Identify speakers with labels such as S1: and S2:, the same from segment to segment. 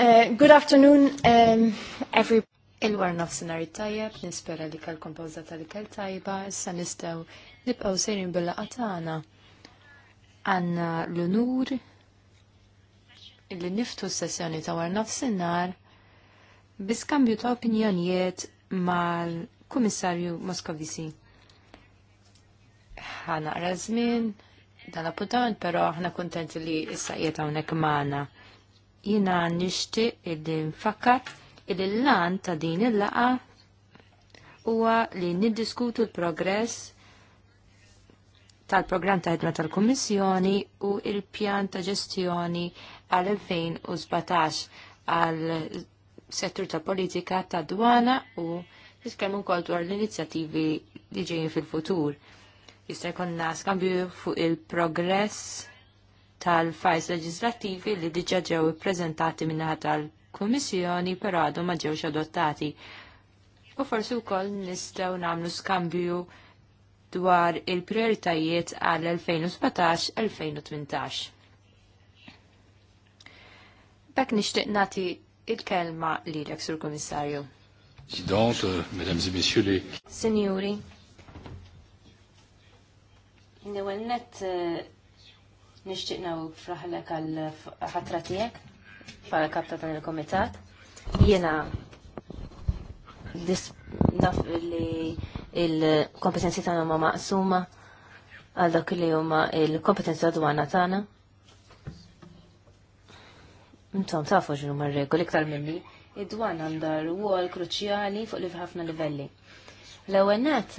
S1: Uh, good afternoon, um, every...
S2: Il-war nafsinari tajjeb, nispera li kalkom pawza tal-kel tajba, issa nistaw nibqaw sejrin billa qatana. Għanna l-unur li niftu s-sessjoni ta' war nafsinar biskambju ta' opinjonijiet mal-Kummissarju Moskovisi. Ħana żmien, dan appuntament, pero ħna kontenti li issa qiegħed hawnhekk magħna jina nishti illi nfakkar illi l-lan ta' din il-laqa huwa li niddiskutu l-progress tal-programm ta' ħidma tal-Kummissjoni u il-pjan ta' ġestjoni għal 2017 għal settur ta' politika ta' dwana u niskemmu wkoll dwar l-inizjattivi li ġejjin fil-futur. Jista' jkollna skambju fuq il-progress tal-fajs leġislattivi li diġa ġew ippreżentati min-naħa tal-Kummissjoni però għadhom ma ġewx adottati. U forsi wkoll nistgħu nagħmlu skambju dwar il-prioritajiet għal 2017-2018. Bek nixtieq nagħti il-kelma lilek, Sur Kummissarju.
S1: Presidente, Mesdames et Messieurs les...
S2: Signori,
S3: Newelnet nixtieq u fraħlek għal ħatra tiegħek bħala kapta ta' il-komitat. Jiena naf li il-kompetenzi tagħna ma maqsuma għal dak li huma il-kompetenzi dwana tagħna. Intom tafu ġinu mar-regoli ktar minni, id għandar għandha għal kruċjali fuq li f'ħafna livelli. L-ewwel net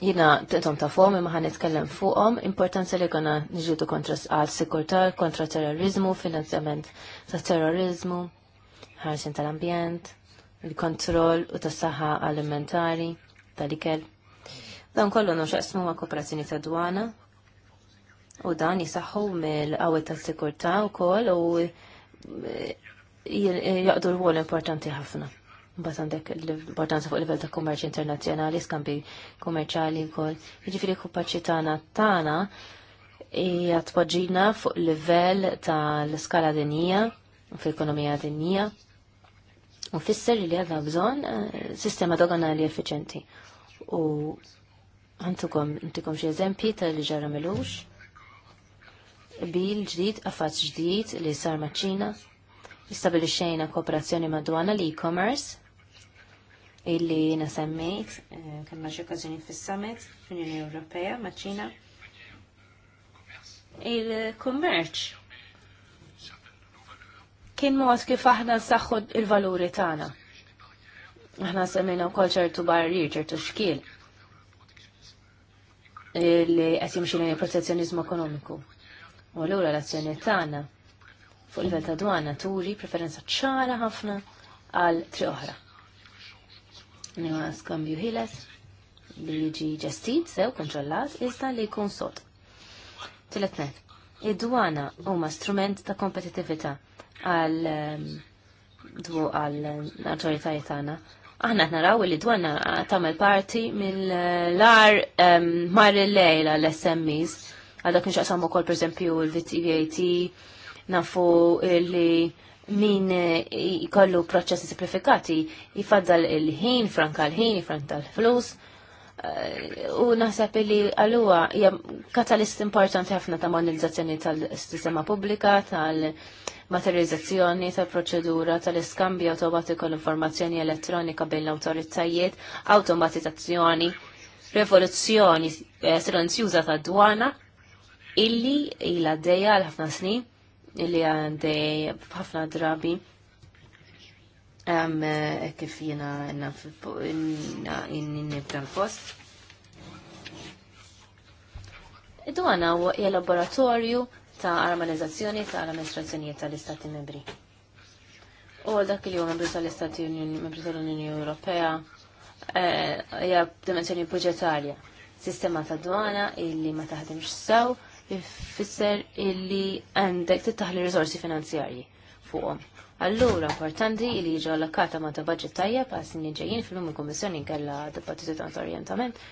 S3: jina t-tom ta' fom imma ħan nitkellem fuqom, importanza li għana nġudu kontra għal sikurta, kontra terrorizmu, finanzjament ta' terrorizmu, ħarsin tal-ambjent, il-kontroll u tas saħħa alimentari, tal-ikel. Dan kollu nuxaqsmu ma' kooperazzjoni ta' dwana u dan jisaxħu mill-għawet tal sikurta u koll u eh, jaqdu l-għol importanti ħafna. Mbagħad għandek l-importanza fuq livell ta' kummerċ internazzjonali, skambi kummerċali wkoll. Jiġifieri kapaċitana tagħna hija tpoġġina fuq livell tal-skala dinija fil-ekonomija dinija u fisser li għadha bżonn eh, sistema doganali effiċenti. U għantukom ntikom xi eżempji tal-li ġara melux, bil ġdid għafat ġdid li sar maċ-Ċina, istabilixxejna kooperazzjoni madwana l-e-commerce illi jina semmejt, eh, kien maġi okkazjoni fis-summit fl-Unjoni Ewropea maċina. Il-kummerċ kien mod kif aħna nsaħħu il-valuri tagħna. Aħna semmejna wkoll ċertu barrier, ċertu xkiel li qed jimxi lejn il-protezzjoniżmu ekonomiku. U allura l-azzjoni tagħna fuq il-livell ta' dwana turi preferenza ċara ħafna għal tri oħra Mela, skambju ħiles li jiġi ġestit sew kontrollat jista li jkun sot. Tilet net, id-dwana huma strument ta' kompetitivita għal dwu għal autoritajiet tagħna. Aħna naraw li dwana tagħmel parti mill-lar mar il-lejla l-SMEs għal dak kol, ukoll esempio, l vtvat nafu li min jkollu eh, proċessi simplifikati jifaddal il-ħin, franka l-ħin, franka l-flus. Eh, u naħseb li għalluwa hija katalist importanti ħafna ta' monetizzazzjoni tal-sistema pubblika, tal-materializzazzjoni, tal-proċedura, tal-iskambju automatiku l-informazzjoni elettronika bejn l-awtoritajiet, automatizzazzjoni, rivoluzzjoni eh, silenzjuża tad-dwana illi ila dejja l-ħafna snin illi għandej ħafna drabi għam eh, kif jena nibda l-post. Iddu għana u laboratorju ta' armonizzazzjoni ta' l-amministrazzjonijiet tal-Istati Membri. U dak li huwa membri tal-Istati Membri tal-Unjoni Ewropea eh, hija dimensjoni budgetarja. Sistema ta' dwana illi ma taħdimx sew ifisser illi għandek tittaħli risorsi finanzjarji fuqhom. Allura, importanti li jiġu allokata ma ta' budget tajjeb għal snin ġejjin fil-lum il-Kommissjoni kella dibattitu ta' orientament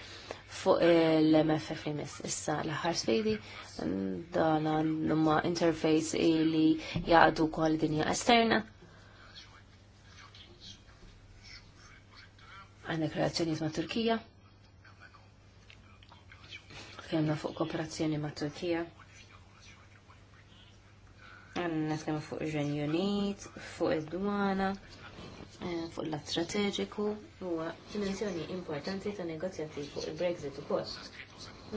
S3: fuq l-MFF li mis. Issa l-ħar sfidi dan għandhom interface li jaqdu kol dinja esterna. Għandek relazzjoniet ma' Turkija. Kemna fuq kooperazzjoni ma' Turkija. Għanna kemna fuq ġenjonit, fuq id-dwana, eh, fuq l strategiku u huwa dimensjoni importanti ta' negozjati fuq il-Brexit u post.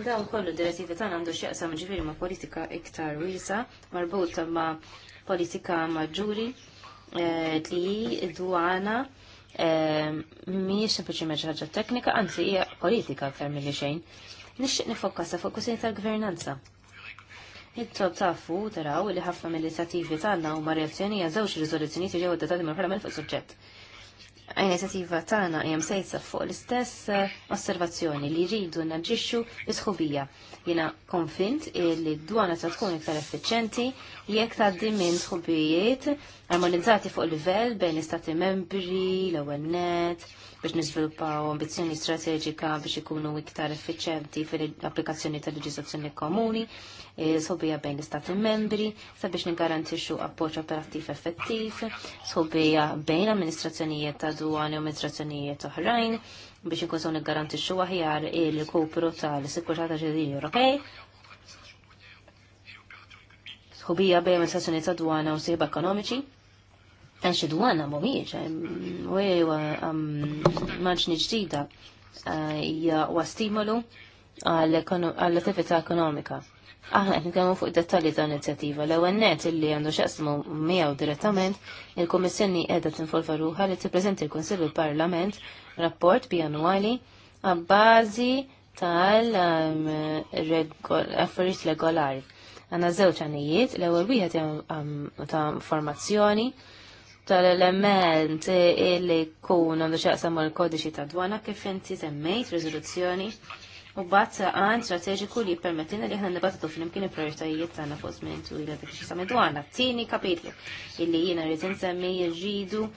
S3: Dawn kollu direttivi tagħna għandu x'jaqsam ġifieri ma' politika iktar wiesa marbuta ma' politika maġġuri eh, li dwana eh, mhijiex sempliċi ħaġa teknika, anzi hija politika aktar milli xejn nixtieq nifokkasa fuq kwistjoni tal-gvernanza. It-tob tafu taraw li ħafna mill-inizjattivi tagħna huma reazzjoni għal żewġ riżoluzzjonijiet li ġew adottati mill-Parlament fuq suġġett. Inizjattiva tagħna hemm msejsa fuq l-istess eh, osservazzjoni li jridu naġixxu bi-ħubija. Jiena konfint li d-dwana ta' tkun iktar effiċenti jekk tgħaddi minn sħubijiet armonizzati fuq livell bejn l-istati membri, l-ewwel net, biex niżviluppaw ambizzjoni strateġika biex ikunu iktar effiċenti fil-applikazzjoni tal leġislazzjoni komuni, e, sħobija bejn l-Istati membri, sabiex nigarantixxu appoġġ operattiv effettiv, sħobija bejn amministrazzjonijiet ta' dwani u amministrazzjonijiet oħrajn biex inkun niggarantixxu aħjar il-kopru tal-Sikurtà ta' Ġedini europej, Hubija bejn amministrazzjoni ta' dwana u sieba ekonomiċi, Għax xidwana dwana mumiex, u għewa maġni ġdida eh, hija huwa stimolu għall-attività ekonomika. Aħna qed nitkellmu fuq dettalji ta' inizjattiva. L-ewwel net illi għandu x'qasmu miegħu direttament, il-Kummissjoni qiegħda tinfolfa ruħha li tippreżenti l-Kunsill il-Parlament rapport bianwali għabbażi tal-affarijiet regolari. Għandna żewġ għanijiet, l-ewwel wieħed ta' formazzjoni tal-element illi kun għandu xaqsam mal kodiċi ta' dwana kif inti semmejt rizoluzzjoni u bazza għan strateġiku li permettina li ħna nibattatu fl-imkien il-prioritajiet tagħna fuq żmien twil dak li dwana. Tieni kapitlu illi jiena rrid insemmi jirġidu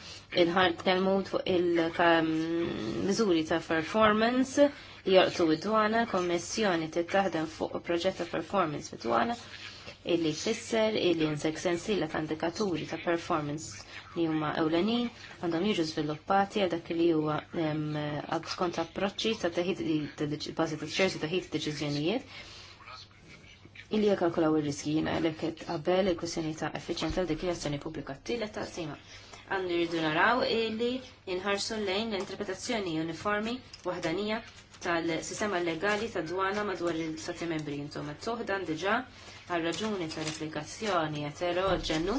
S3: il-ħart tal fuq il-miżuri ta' performance jorqtu id-dwana, kommissjoni tittaħdem fuq proġett ta' performance bid-dwana illi fisser illi nsek sensila ta' indikaturi ta' performance li huma ewlenin għandhom jiġu żviluppati għal dak li huwa skont approċċi ta' teħid bażi ta' ta' ħid deċiżjonijiet illi jakalkulaw ir-riski jiena għalhekk qed qabel il-kwistjoni ta' effiċjenza dik li azzjoni pubblika t-tielet ta' sima. Għandu jridu naraw illi jinħarsu lejn l-interpretazzjoni uniformi waħdanija tal-sistema legali ta' dwana madwar il sati membri insomma t-tuħdan diġà għal raġuni tal-applikazzjoni eterogenu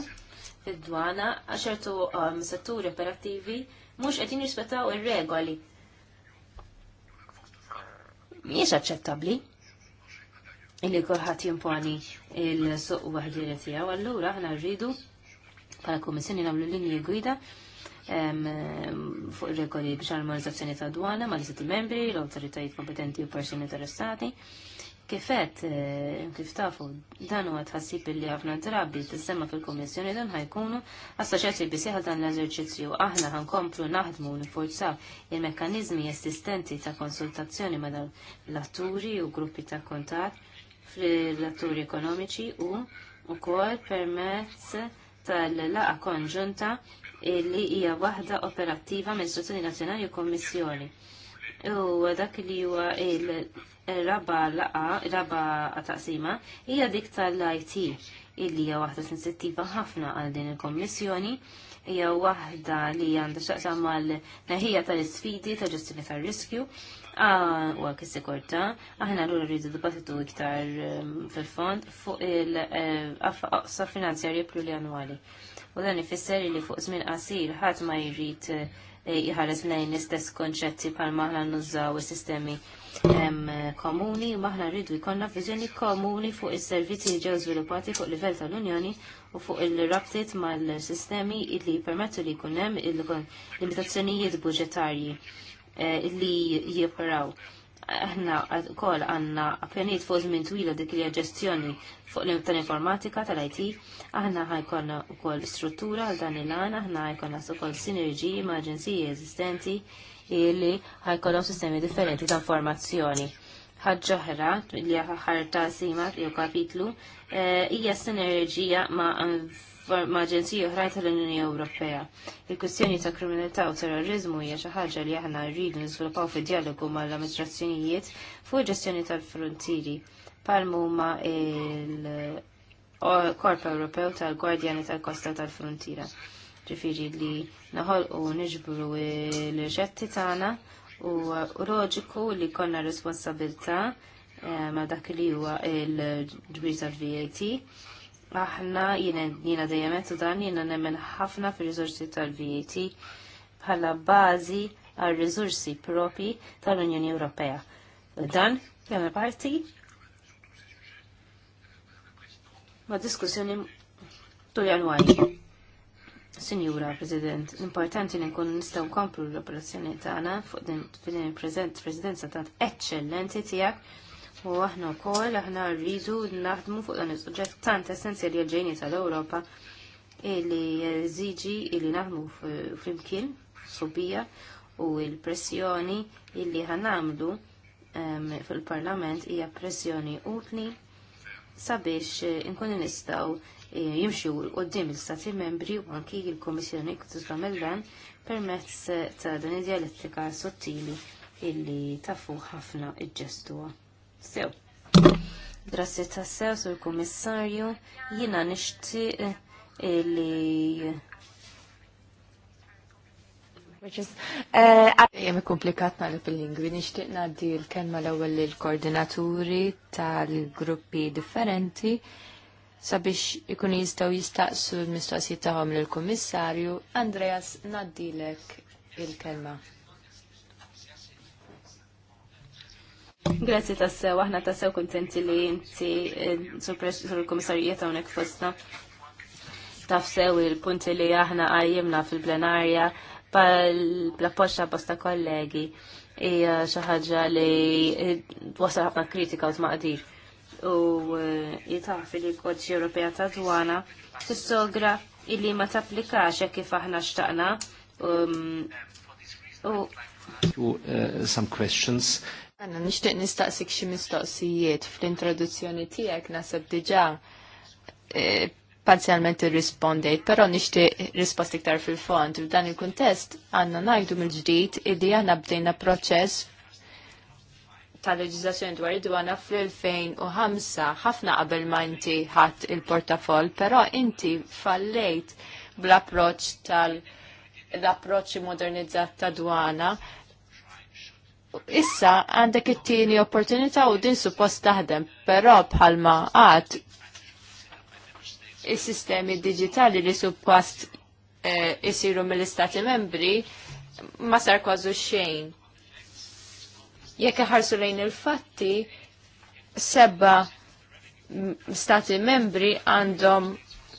S3: fid-dwana għaxertu um, setturi operattivi mhux għedin jirrispettaw ir-regoli. Mhijiex aċċettabbli illi kulħadd jimponi il-suq waħdieri tiegħu, allura aħna rridu bħala kummissjoni nagħmlu linji gwida fuq regoli biex armonizzazzjoni ta' dwana mal istati membri, l-autoritajiet kompetenti u persuni interessati. Kifet, eh, kif tafu, dan huwa tħassib li ħafna drabi tissemma fil-Kummissjoni dan ħajkunu assoċjati bisieħ dan l-eżerċizzju aħna ħankomplu naħdmu nifforzaw il-mekkaniżmi esistenti ta' konsultazzjoni ma' l-atturi u gruppi ta' kontat fil-atturi ekonomiċi u wkoll permezz tal-laqa konġunta li hija waħda operattiva minn Istituzzjoni Nazzjonali u Kommissjoni. U dak li huwa il- raba laqa, raba taqsima, hija dik tal-IT illi hija waħda sensittiva ħafna għal din il-Kommissjoni, hija waħda li għandha xaqsa mal-naħija tal-isfidi ta' ġestjoni tar-riskju u għak is Aħna l rridu dibattitu iktar um, fil-fond fuq il-qafsa eh, finanzjarji plurianwali. U dan ifisser li fuq żmien qasir ħadd ma jrid jħares eh, lejn l-istess konċetti bħal maħna nużaw is-sistemi komuni u maħna rridu jkollna viżjoni komuni fuq is-servizzi li ġew żviluppati fuq livell tal-Unjoni u fuq il-rabtiet mal-sistemi li jippermettu li jkun hemm il-limitazzjonijiet budġetarji eh, li jipparaw. Aħna wkoll għandna appjaniet fuq żmien twila dik li ġestjoni fuq tal-informatika tal-IT, aħna ħajkollna wkoll struttura għal dan il-għan, aħna ħajkollna ukoll sinerġiji ma' aġenziji eżistenti li ħajkollhom sistemi differenti ta' informazzjoni. Ħaġġoħra li ħar ta' sima jew kapitlu eh, hija sinerġija ma' aġenziji oħra tal-Unjoni Ewropea. Il-kwistjoni ta' kriminalità u terrorizmu hija xi ħaġa li aħna rridu niżviluppaw fid-dialogu mal-amministrazzjonijiet fuq ġestjoni tal-frontieri huma il- Korp Ewropew tal-Gwardjani tal-Kosta tal-Frontiera ġifiri li naħolqu niġbru l-ġetti tagħna u roġiku li konna responsabilta eh, ma dak li huwa il-ġbir tal-VAT. Aħna jiena dejjem u dan jiena nemmen ħafna fir rizorsi tal-VAT bħala bażi għal rizorsi propi tal-Unjoni Ewropea. Dan jagħmel parti ma' diskussjoni tul janwari. Sinjura President, l-importanti li nkunu nistgħu nkomplu l-operazzjoni tagħna fuq din fidin il-preżent presidenza tant eċċellenti tiegħek u aħna wkoll aħna rridu naħdmu fuq dan is-suġġett tant essenzjali għal-ġejni tal-Ewropa li jeżiġi li naħdmu flimkien subija u l-pressjoni illi ħanamlu fil-Parlament hija pressjoni utli sabiex inkunu nistgħu jimxu qoddim il stati membri u anki l-Komissjoni tagħmel dan permezz ta' dan id-dialettika sottili illi tafu ħafna iġġestuha. Sew. Grazie ta' sew sur kummissarju jiena nixtieq eh, illi which is eh,
S2: jem komplikat nagħrif il-lingwi nixtieq ngħaddi l-kelma l-ewwel lill-koordinaturi tal-gruppi differenti sabiex ikun jistaw jistaqsu l-mistoqsijiet tagħhom lill-Kummissarju, Andreas naddilek il-kelma. Grazzi tassew, aħna tassew kontenti li inti eh,
S3: sur kummissarijiet hawnhekk fostna. Tafsew il-punti li aħna għajjimna fil-plenarja bl-appoċċa bosta kollegi i xaħġa li eh, wasal ħafna kritika u tmaqdir u eh, jitafi li kodġi Ewropea ta' dwana tissogra illi ma tapplikax jekk kif
S2: aħna xtaqna. Um, u uh, some questions. Għanna nishtiq nistaqsik xi mistoqsijiet fl-introduzzjoni tiegħek nasab diġà eh, parzjalment irrispondejt, però nixtieq rispost iktar fil-fond. F'dan il-kuntest għandna ngħidu mill-ġdid illi dijana bdejna proċess tal-leġizzazzjoni dwar id-dwana fl-2005 ħafna qabel ma inti ħadd il-portafol, però inti fallejt bl-approċ tal- l-approċ modernizzat ta' dwana. Issa għandek it-tieni opportunità u din suppost taħdem, però bħalma għad is-sistemi digitali li suppost eh, isiru mill-istati membri ma sar kważu xejn Jekk ħarsu lejn il-fatti, seba stati membri għandhom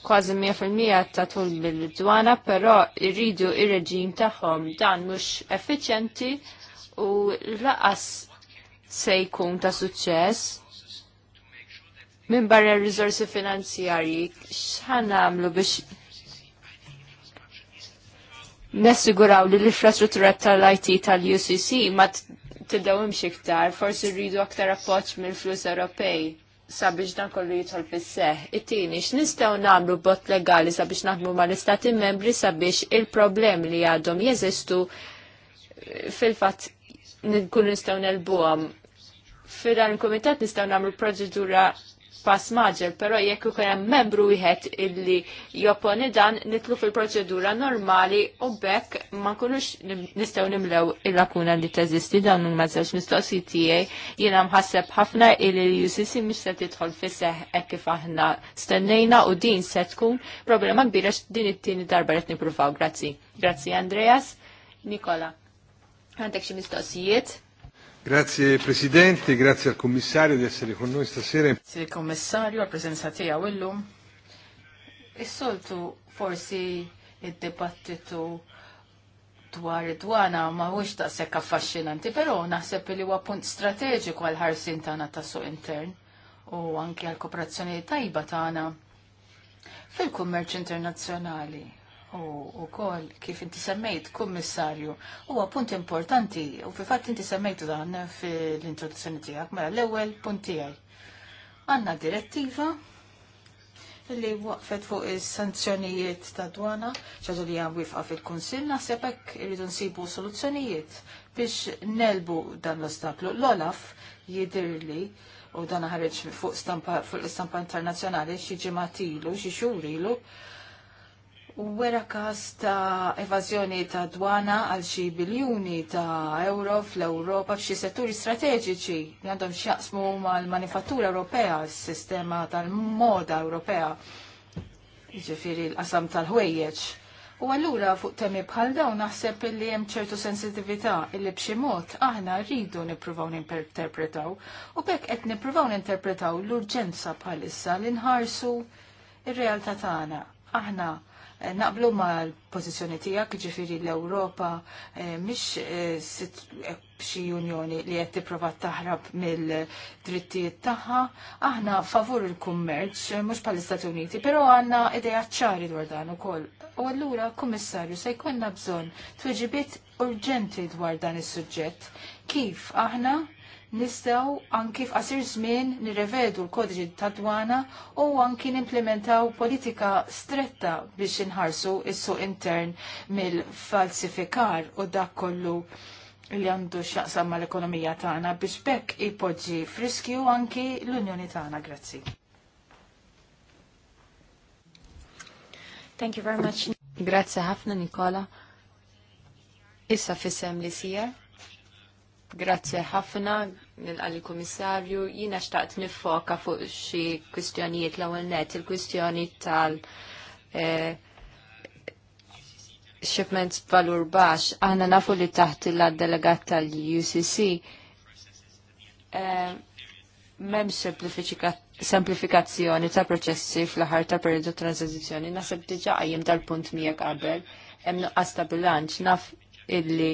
S2: kważi 100% ta' tul bil-dwana, però irridu ir-reġim tagħhom dan mhux effiċjenti u laqas se jkun ta' suċċess. Minn barra r-rizorsi finanzjarji, xħan għamlu biex nessiguraw li l-infrastruttura tal-IT tal-UCC ma tiddew imxi iktar, forsi rridu aktar appoġġ mill-flus Ewropej sabiex dan kollu jidħol fis-seħ. It-tieni, x'nistgħu nagħmlu bot legali sabiex naħdmu mal-istati membri sabiex il-problemi li għadhom jeżistu eh, fil-fatt nkunu nistgħu nelbuhom. Fil dan il-kumitat nistgħu nagħmlu proċedura pass maġel, pero jekk ikun hemm membru wieħed illi jopponi dan nitlu fil-proċedura normali u bekk ma nkunux nistgħu nimlew il-lakuna li teżisti dan huma żewġ mistoqsijiet tiegħi jiena mħasseb ħafna illi l-UCC mhux se tidħol fisseħ hekk kif aħna stennejna u din se tkun problema kbira din it-tieni darba qed nippruvaw. Grazzi. Grazzi Andreas. Nikola. Għandek xi mistoqsijiet?
S3: Grazie Presidente, grazie al Commissario di essere con noi stasera. Grazie
S1: al Commissario, la presenza tiegħu illum. Is-soltu e forsi il dibattitu dwar id-dwana ma mhuwiex daqshekk affaxxinanti, però naħseb li huwa punt strateġiku għal ħarsin tagħna tas-suq intern u anke għal kooperazzjoni tajba tagħna fil-kummerċ internazzjonali u kol kif inti semmejt kummissarju huwa punt importanti u fi fatt inti semmejtu dan fil-introduzzjoni tiegħek mela l-ewwel punt tiegħi. Għandna direttiva li waqfet fuq is-sanzjonijiet ta' dwana ċaġa li għan wifqa fil konsil naħsebek hekk irridu nsibu soluzzjonijiet biex nelbu dan l-ostaklu. L-Olaf li u dan ħareġ fuq l-istampa internazzjonali xi ġimgħat ilu, xi xhur ilu, wera każ ta' evażjoni ta' dwana għal xi biljuni ta' euro fl-Ewropa f'xi setturi strateġiċi li għandhom x'jaqsmu mal-manifattura Ewropea, s-sistema tal-moda Ewropea, jiġifieri l-qasam tal-ħwejjeġ. U allura fuq temi bħal dawn naħseb illi hemm ċertu sensitività illi b'xi mod aħna rridu nippruvaw ninterpretaw u bekk qed nippruvaw ninterpretaw l-urġenza bħalissa li nħarsu ir-realtà tagħna. Aħna Eh, naqblu ma' l-pozizjoni tijak, ġifiri l-Europa, mish eh, bxi eh, unjoni li jett prova taħrab mill-drittijiet taħħa, aħna favur il-kummerċ, mux pal istati Uniti, pero għanna ideja ċari dwar dan u U għallura, kummissarju, se jkonna bżon tweġibiet urġenti dwar dan is-suġġett. Kif aħna nistgħu anki f'qasir żmien nirrevedu l kodiċi tad-dwana u anki nimplementaw politika stretta biex inħarsu is-suq intern mill-falsifikar u dak kollu li għandu xaqsam mal ekonomija tagħna biex bekk ipoġġi friskju anki l-Unjoni tagħna. Grazzi. Thank you very much. Grazzi ħafna
S2: Nikola. Issa fissem li sijar. Grazie ħafna għal komissarju jina xtaqt nifoka fuq xi kwistjonijiet l-ewwel net, il-kwistjoni tal- eh, shipments valur baxx, aħna nafu li taħt il-delegat tal-UCC eh, mem semplifikazzjoni ta' proċessi fl-ħar ta' periodu tranzizjoni, nasib diġa għajjem dal-punt mija qabel, hemm nuqqas ta' bilanċ, naf illi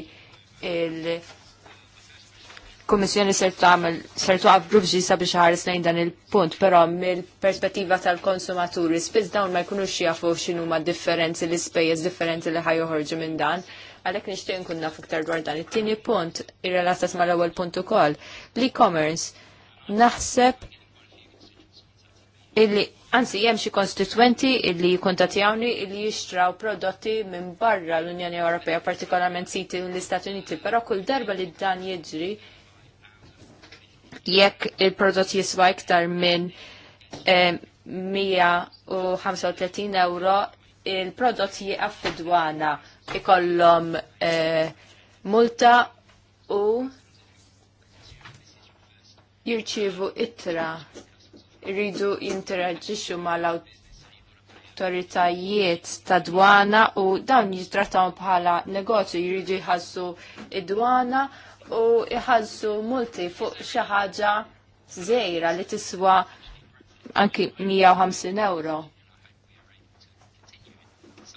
S2: il- il-Kommissjoni ser tagħmel ser tuqaf grupp ġisa biex ħares lejn dan il-punt, però mill-perspettiva tal-konsumaturi spiss dawn ma jkunux jafu x'inhuma differenzi l ispejjeż differenti li ħajoħorġu minn dan għalek nixtieq nkun naf iktar dwar dan. It-tieni punt irrelatas mal-ewwel punt ukoll. L-e-commerce naħseb illi anzi hemm xi konstituenti illi jikkuntattjawni illi jixtraw prodotti minn barra l-Unjoni Ewropea, partikolarment siti l istati Uniti, però kull darba li dan jiġri jekk il-prodott jiswa iktar minn 135 eh, euro il-prodott jieqaf fid ikollhom eh, multa u jirċievu ittra rridu jinteraġġixxu mal-awt l-autoritajiet ta' dwana u dawn jitrattaw bħala negozju jridu jħassu id-dwana u jħassu multi fuq xi ħaġa żgħira li tiswa anki 150 euro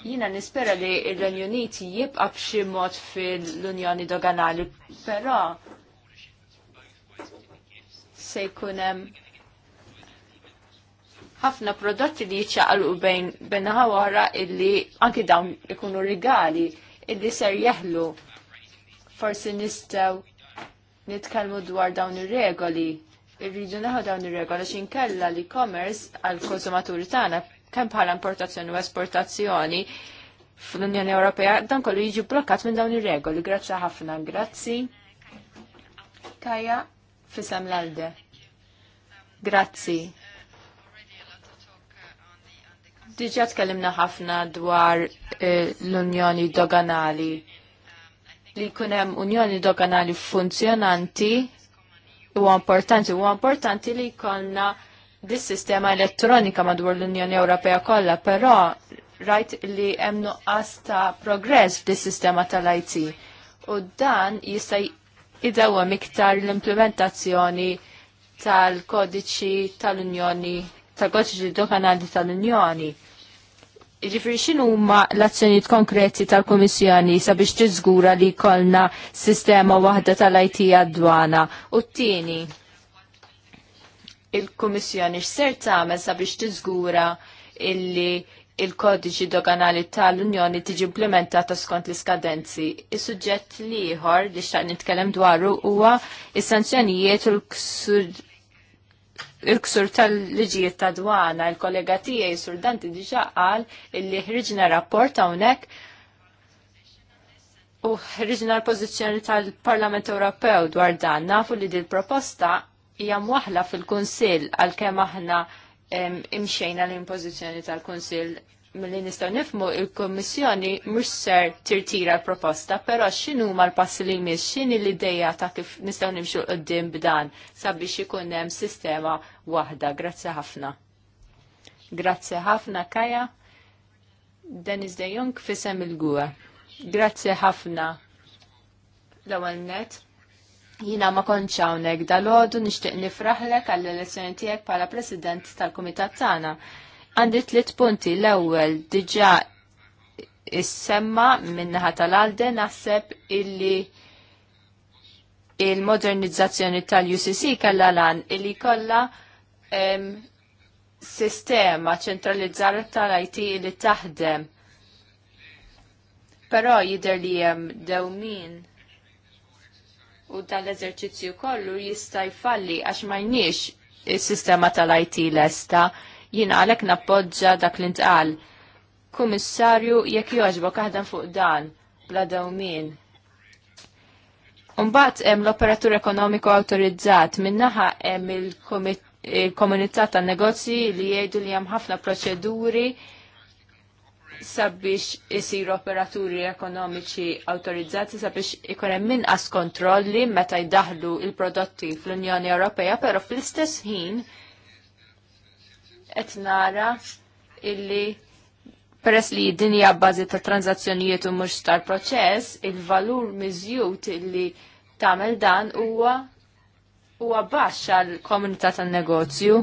S2: jina nispera li l renju Uniti jibqa b'xi mod fil-Unjoni Doganali, però se jkun hemm ħafna prodotti li jċaqalu bejn benna wara illi anki dawn ikunu rigali illi ser jeħlu forsi nistaw nitkalmu dwar dawn ir-regoli. Irridu naħu dawn ir-regoli kella li commerce għal konsumaturi tagħna kemm bħala importazzjoni u esportazzjoni fl-Unjoni Ewropea dan kollu jiġi blokkat minn dawn ir-regoli. Grazzi ħafna, grazzi. Kaja fisem l-alde. Grazzi. Diġa tkellimna ħafna dwar eh, l-unjoni doganali. Li kunem unjoni doganali funzjonanti huwa importanti, huwa importanti li jkollna dis sistema elettronika madwar l-Unjoni Ewropea kollha, però rajt li hemm nuqqas ta' progress fis sistema tal-IT. U dan jista' idewwa miktar l-implementazzjoni tal-kodiċi tal-Unjoni tal-kodiċi doganali tal-Unjoni. Ġifiri xinu ma l-azzjoniet konkreti tal-Komissjoni sabiex tiżgura li kolna sistema waħda tal-IT għadwana. U t-tieni, il-Komissjoni x'ser tagħmel sabiex tiżgura illi il-kodiċi doganali tal-Unjoni tiġi implementata skont l-iskadenzi. Is-suġġett liħor li xtaq nitkellem dwaru huwa is-sanzjonijiet u l-ksur il-ksur tal-liġijiet ta' dwana, il-kollega tiegħi sur Danti diġà qal illi ħriġna rapport hawnhekk u ħriġna l-pożizzjoni tal-Parlament Ewropew dwar dan nafu li dil proposta hija mwaħla fil-Kunsill għalkemm aħna imxejna l-impożizzjoni tal kunsil mill-li nistaw nifmu il-Kommissjoni mhux ser tirtira proposta, però xinu ma l-passi li jmiss, x'inhi l-idea ta' kif nistgħu nimxu qudiem b'dan sabiex ikun hemm sistema waħda. Grazzi ħafna. Grazzi ħafna Kaja. Denis De Jung fisem il-gwa. Grazzi ħafna. L-ewwel net. Jina ma konċ hawnhekk dal ħodu nixtieq nifraħlek għall-elezzjoni tiegħek bħala President tal-Kumitat tagħna. Għandi tliet punti l-ewwel diġà is-semma minnaħa tal-Alde naħseb illi il-modernizzazzjoni tal-UCC kalla lan illi kolla um, sistema ċentralizzata tal-IT li taħdem. Però jider li jem dewmin u tal-eżerċizzju kollu jista' jfalli għax ma jniex is-sistema tal-IT lesta. esta Jina għalek nappoġġa dak li ntqal. Kummissarju, jekk joġbok aħdem fuq dan, bla dawmin. Umbat hemm l-operatur ekonomiku awtorizzat minnaħa hemm il-komunità tan negozji li jgħidu li hemm ħafna proċeduri sabiex isiru operaturi ekonomiċi autorizzati sabiex ikun hemm inqas kontrolli meta jdaħlu il-prodotti fl-Unjoni Ewropea, però fl-istess ħin qed nara illi peress li dinja bażi ta' tranzazzjonijiet u mhux tal proċess, il-valur mizjut illi tagħmel dan huwa huwa baxx għal komunità tan-negozju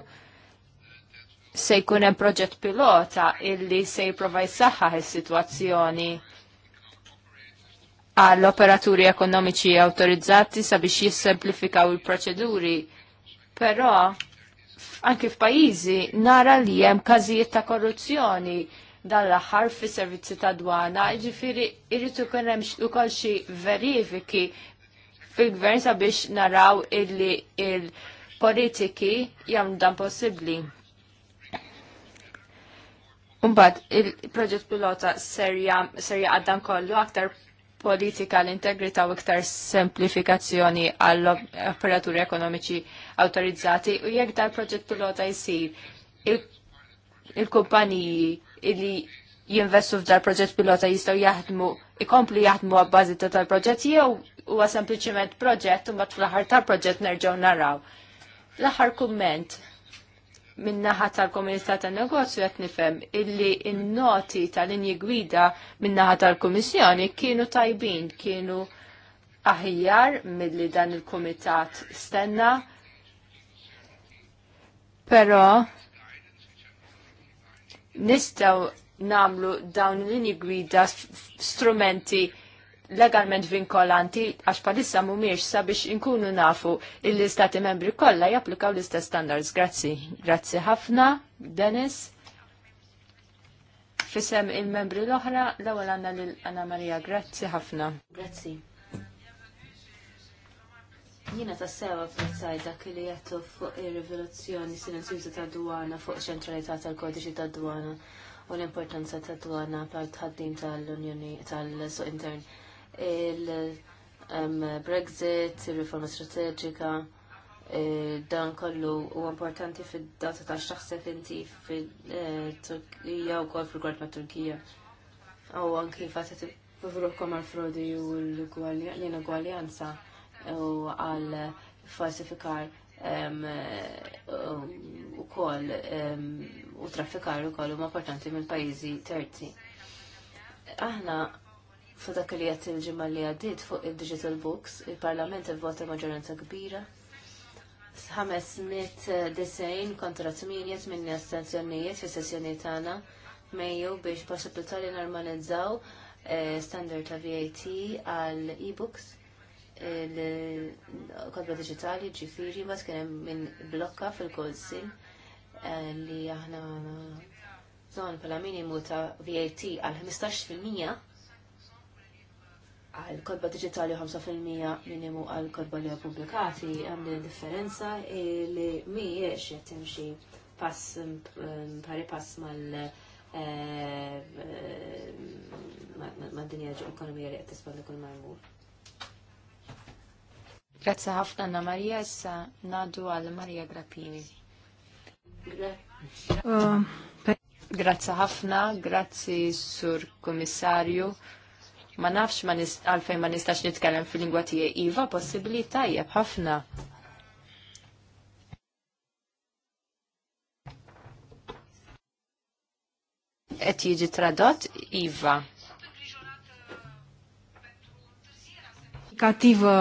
S2: se jkun hemm proġett pilota illi se jipprova jsaħħaħ is-sitwazzjoni għall operaturi ekonomiċi autorizzati sabiex jissemplifikaw il-proċeduri. Però anki f'pajjiżi nara li hemm każijiet ta' korruzzjoni dan l-aħħar fis-servizzi ta' dwana, ġifiri irid ikun hemm ukoll xi verifiki fil-gvern sabiex naraw illi il-politiki jagħmlu dan possibbli. Umbad, il-proġett pilota serja għaddan kollu aktar politika l-integrità u iktar semplifikazzjoni għall-operaturi ekonomiċi autorizzati u jekk dal-proġett pilota jisir il-kumpaniji il li jinvestu f'dal proġett pilota jistaw jaħdmu, ikomplu jaħdmu għabbazi ta' tal-proġett jew huwa sempliċiment proġett u mbagħad fl-aħħar tal-proġett nerġgħu naraw. L-aħħar kumment minnaħa tal-Komunità tan-Negozju qed nifhem illi n-noti tal-linji gwida minnaħa tal-Kummissjoni kienu tajbin, kienu aħjar milli dan il-Kumitat stenna. Però nistgħu namlu dawn l-linji gwida strumenti legalment vinkolanti għax palissa mumiex sabiex inkunu nafu il-istati membri kollha japplikaw l-istess standards. Grazzi. Grazzi ħafna, Dennis. Fisem il-membri l-oħra, l-ewwel għandna l Anna Maria, Grazzi ħafna. Grazzi. Jina
S3: ta' sewa apprezzaj dak li jattu fuq ir-rivoluzzjoni silenzjuża ta' dwana fuq ċentralità tal-kodiċi ta' dwana u l-importanza ta' dwana bħal tħaddim tal-Unjoni tal-suq intern il-Brexit, il-riforma strategika, eh, dan kollu u importanti fid-data ta' xtaħseb inti fil-Turkija eh, u kol fil-Gwart ma' Turkija. U anki fatet bivrukom għal-frodi u l-gwaljanza u għal-falsifikar u kol u traffikar u kol u ma' importanti mill-pajizi terzi. Aħna Sa li għat il-ġimma li għaddit fuq il-Digital Books, il-Parlament vota maġoranza kbira. 590 eh, kontra 8 minn astenzjonijiet fi sessjoni tagħna mejju biex possibilità li normalizzaw eh, standard ta' VAT għal e-books il-kodba digitali ġifiri ma kien hemm minn blokka fil-kolsin eh, li aħna zon pala minimu ta' VAT għal 15% għal kodba digitali 5% minimu għal kodba li pubblikati għam li differenza li mi jiex jettimxi pass mm, pari pass mal eh, eh, ma' dinja ekonomija li jettisbal li kull marmur.
S2: Grazie ħafna Anna Marija, issa nadu għal Marija Grappini. Um, grazie ħafna, grazie Sur Komissarju ma nafx ma għalfejn ma nistax nitkellem fil-lingwa tiegħi iva possibbli tajjeb ħafna.
S1: Qed jiġi tradott iva. Kattiva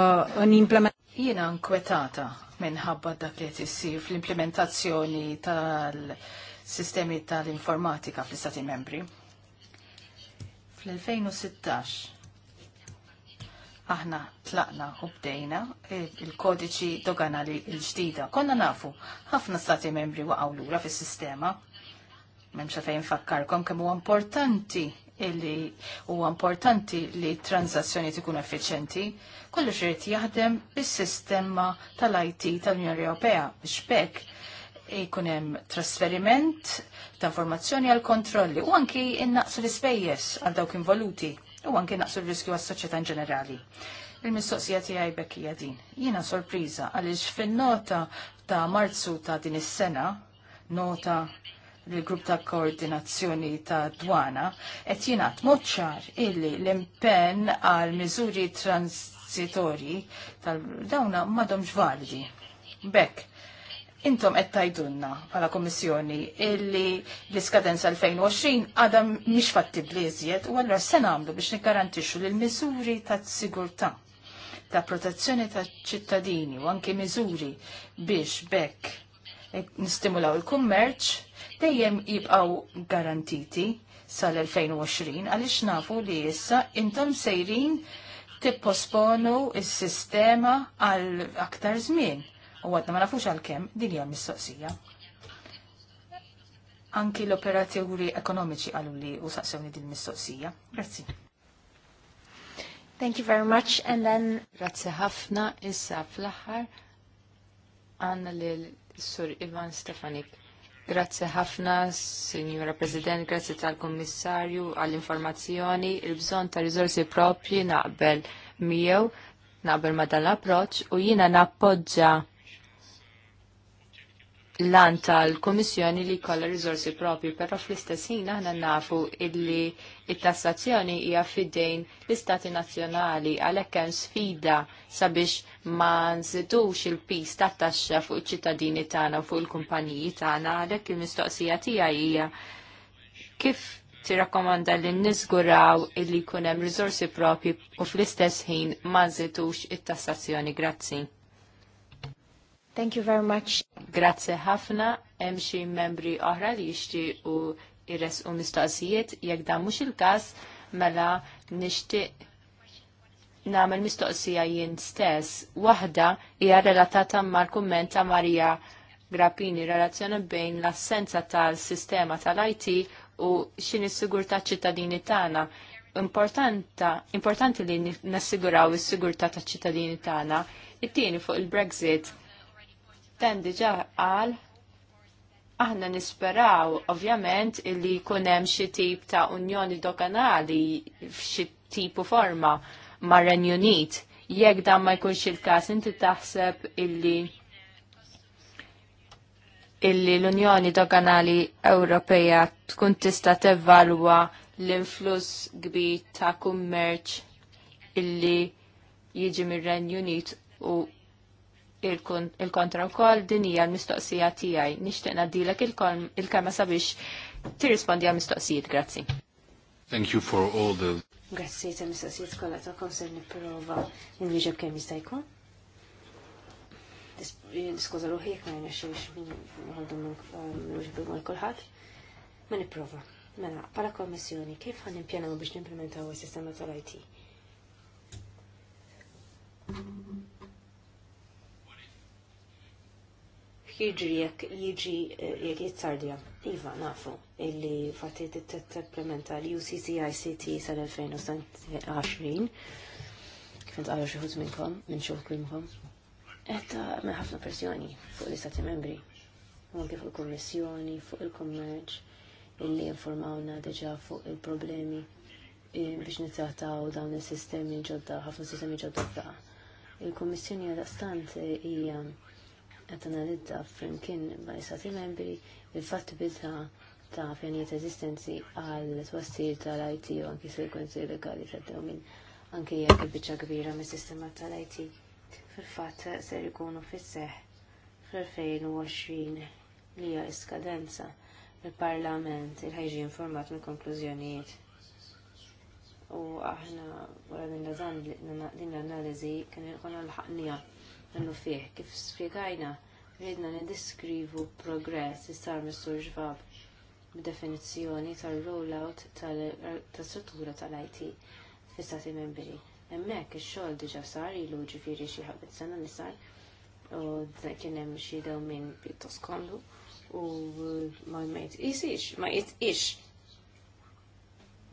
S1: un implement Jiena nkwetata minħabba dak li qed issir fl-implementazzjoni tal-sistemi tal-informatika fl-Istati Membri fl-2016 aħna tlaqna u bdejna il-kodiċi doganali l-ġdida. Konna nafu, ħafna stati membri waqgħu lura fis-sistema. Memxa fejn fakkarkom kemm huwa importanti illi huwa importanti li transazzjoni tikun effiċenti, kollu irid jaħdem is-sistema tal-IT tal-Unjoni Ewropea biex jkunem trasferiment ta' informazzjoni għal kontrolli u anki innaqsu l-ispejjes għal dawk involuti u anki innaqsu l-riskju għas soċjetà in ġenerali. Il-mistoqsija tiegħi bekkija din. Jiena sorpriża għaliex fin-nota ta' Marzu ta' din is-sena, nota l-grupp ta' koordinazzjoni ta' dwana, et jenat moċċar illi l-impen għal miżuri transitori tal-dawna m'għadhomx validi. Bekk, intom qed tajdunna bħala Kommissjoni illi l-iskadenza 2020 għadha mhix fatti bliżjed u allura se nagħmlu biex nikkarantixxu lil miżuri tas-sigurtà ta' protezzjoni ta' ċittadini u anke miżuri biex bekk nistimulaw il-kummerċ dejjem jibqgħu garantiti sal-2020 għaliex nafu li issa intom sejrin tipposponu is-sistema għal aktar żmien u għadna ma nafux għal-kem din hija mistoqsija. Anki l-operaturi ekonomiċi għallu li u saqsewni din mistoqsija. Grazzi.
S2: Thank you very much and then Grazzi ħafna issa fl-aħħar għanna l Sur Ivan Stefanik. Grazzi ħafna, Signora President, grazzi tal-Kommissarju għall-informazzjoni. Il-bżon ta' rizorsi propri naqbel miegħu, naqbel ma dan l-approċ u jina nappoġġa lan tal-Komissjoni li kolla rizorsi propri, pero fl-istess ħin aħna nafu illi it-tassazzjoni hija fidejn l-Istati Nazzjonali għalhekk hemm sfida sabiex ma nżidux il-pis tat-taxxa fuq iċ-ċittadini tagħna u fuq il-kumpaniji tagħna għalhekk il-mistoqsija tiegħi hija kif tirrakkomanda li niżguraw illi jkun hemm riżorsi propri u fl-istess ħin ma nżidux it-tassazzjoni. Grazzi. Thank you very much. Grazie ħafna, hemm xi membri oħra li jixtiequ jresqu mistoqsijiet, jekk dan mhux il-każ mela nixtieq nagħmel mistoqsija jien stess. Waħda hija relatata mal-kumment ta' Marija Grappini relazzjoni bejn l-assenza tal-sistema tal-IT u x'inhi s-sigurtà ċittadini tagħna importanta, importanti li nassiguraw is-sigurtà taċ-ċittadini tagħna. It-tieni fuq il-Brexit Dan diġa qal aħna nisperaw ovvjament illi jkun hemm xi tip ta' unjoni doganali f'xi tipu forma mar renju Unit. Jekk dan ma jkunx il-każ inti taħseb illi illi l-Unjoni Doganali Ewropea tkun tista' tevalwa l-influss kbir ta' kummerċ illi jiġi mir renju Unit u il-kontra wkoll din l-mistoqsija tiegħi. Nixtieq ngħaddilek il kama sabiex tirrispondi għal mistoqsijiet. Grazzi.
S1: Thank you for all the
S2: Grazzi
S3: ta' mistoqsijiet kolla ta' ser nipprova inwieġeb kemm jista' jkun. Niskuża ruħi ma jnexxiex ħoldu minn mal kulħadd. Ma nipprova. Mela, bħala kommissjoni, kif ħan impjanaw biex nimplementaw is-sistema tal-IT? jiġri jekk jiġi eh, jekk jitzardja. Iva, nafu, illi fatiet t-implementa l-UCCICT sal-2020, kif int għallu xieħut minnkom, minn xieħut minnkom, etta minn ħafna pressjoni fuq l-istati membri, u fuq il-kommissjoni, fuq il-kommerċ, illi informawna deġa fuq il-problemi eh, biex nizzataw dawn il-sistemi ġodda, ħafna sistemi ġodda ta' il-kommissjoni għal-astant eh, hija qed analizza flimkien ma' jisati membri il-fattibilità ta' pjanijiet eżistenzi għal twassir tal-IT u anki sekwenzi legali ta' dewmin anki jekk il-biċċa kbira mis-sistema tal-IT fil-fatt ser ikunu fisseħ seħ fl-2020 li hija iskadenza il-Parlament il-ħajġi informat mill konklużjonijiet u aħna wara din l-analiżi kien ikun l-ħaqnija minnu fieħ, Kif spiegajna, ridna nidiskrivu progress is sar Mr. Ġvab b'definizzjoni tal-rollout tal-struttura tal-IT fis membri. Hemmhekk ix-xogħol diġà sar ilu ġifiri xi ħabet sena li sar u kien hemm xi dawn minn pittos kondu, u ma jitqisix, ma jitqix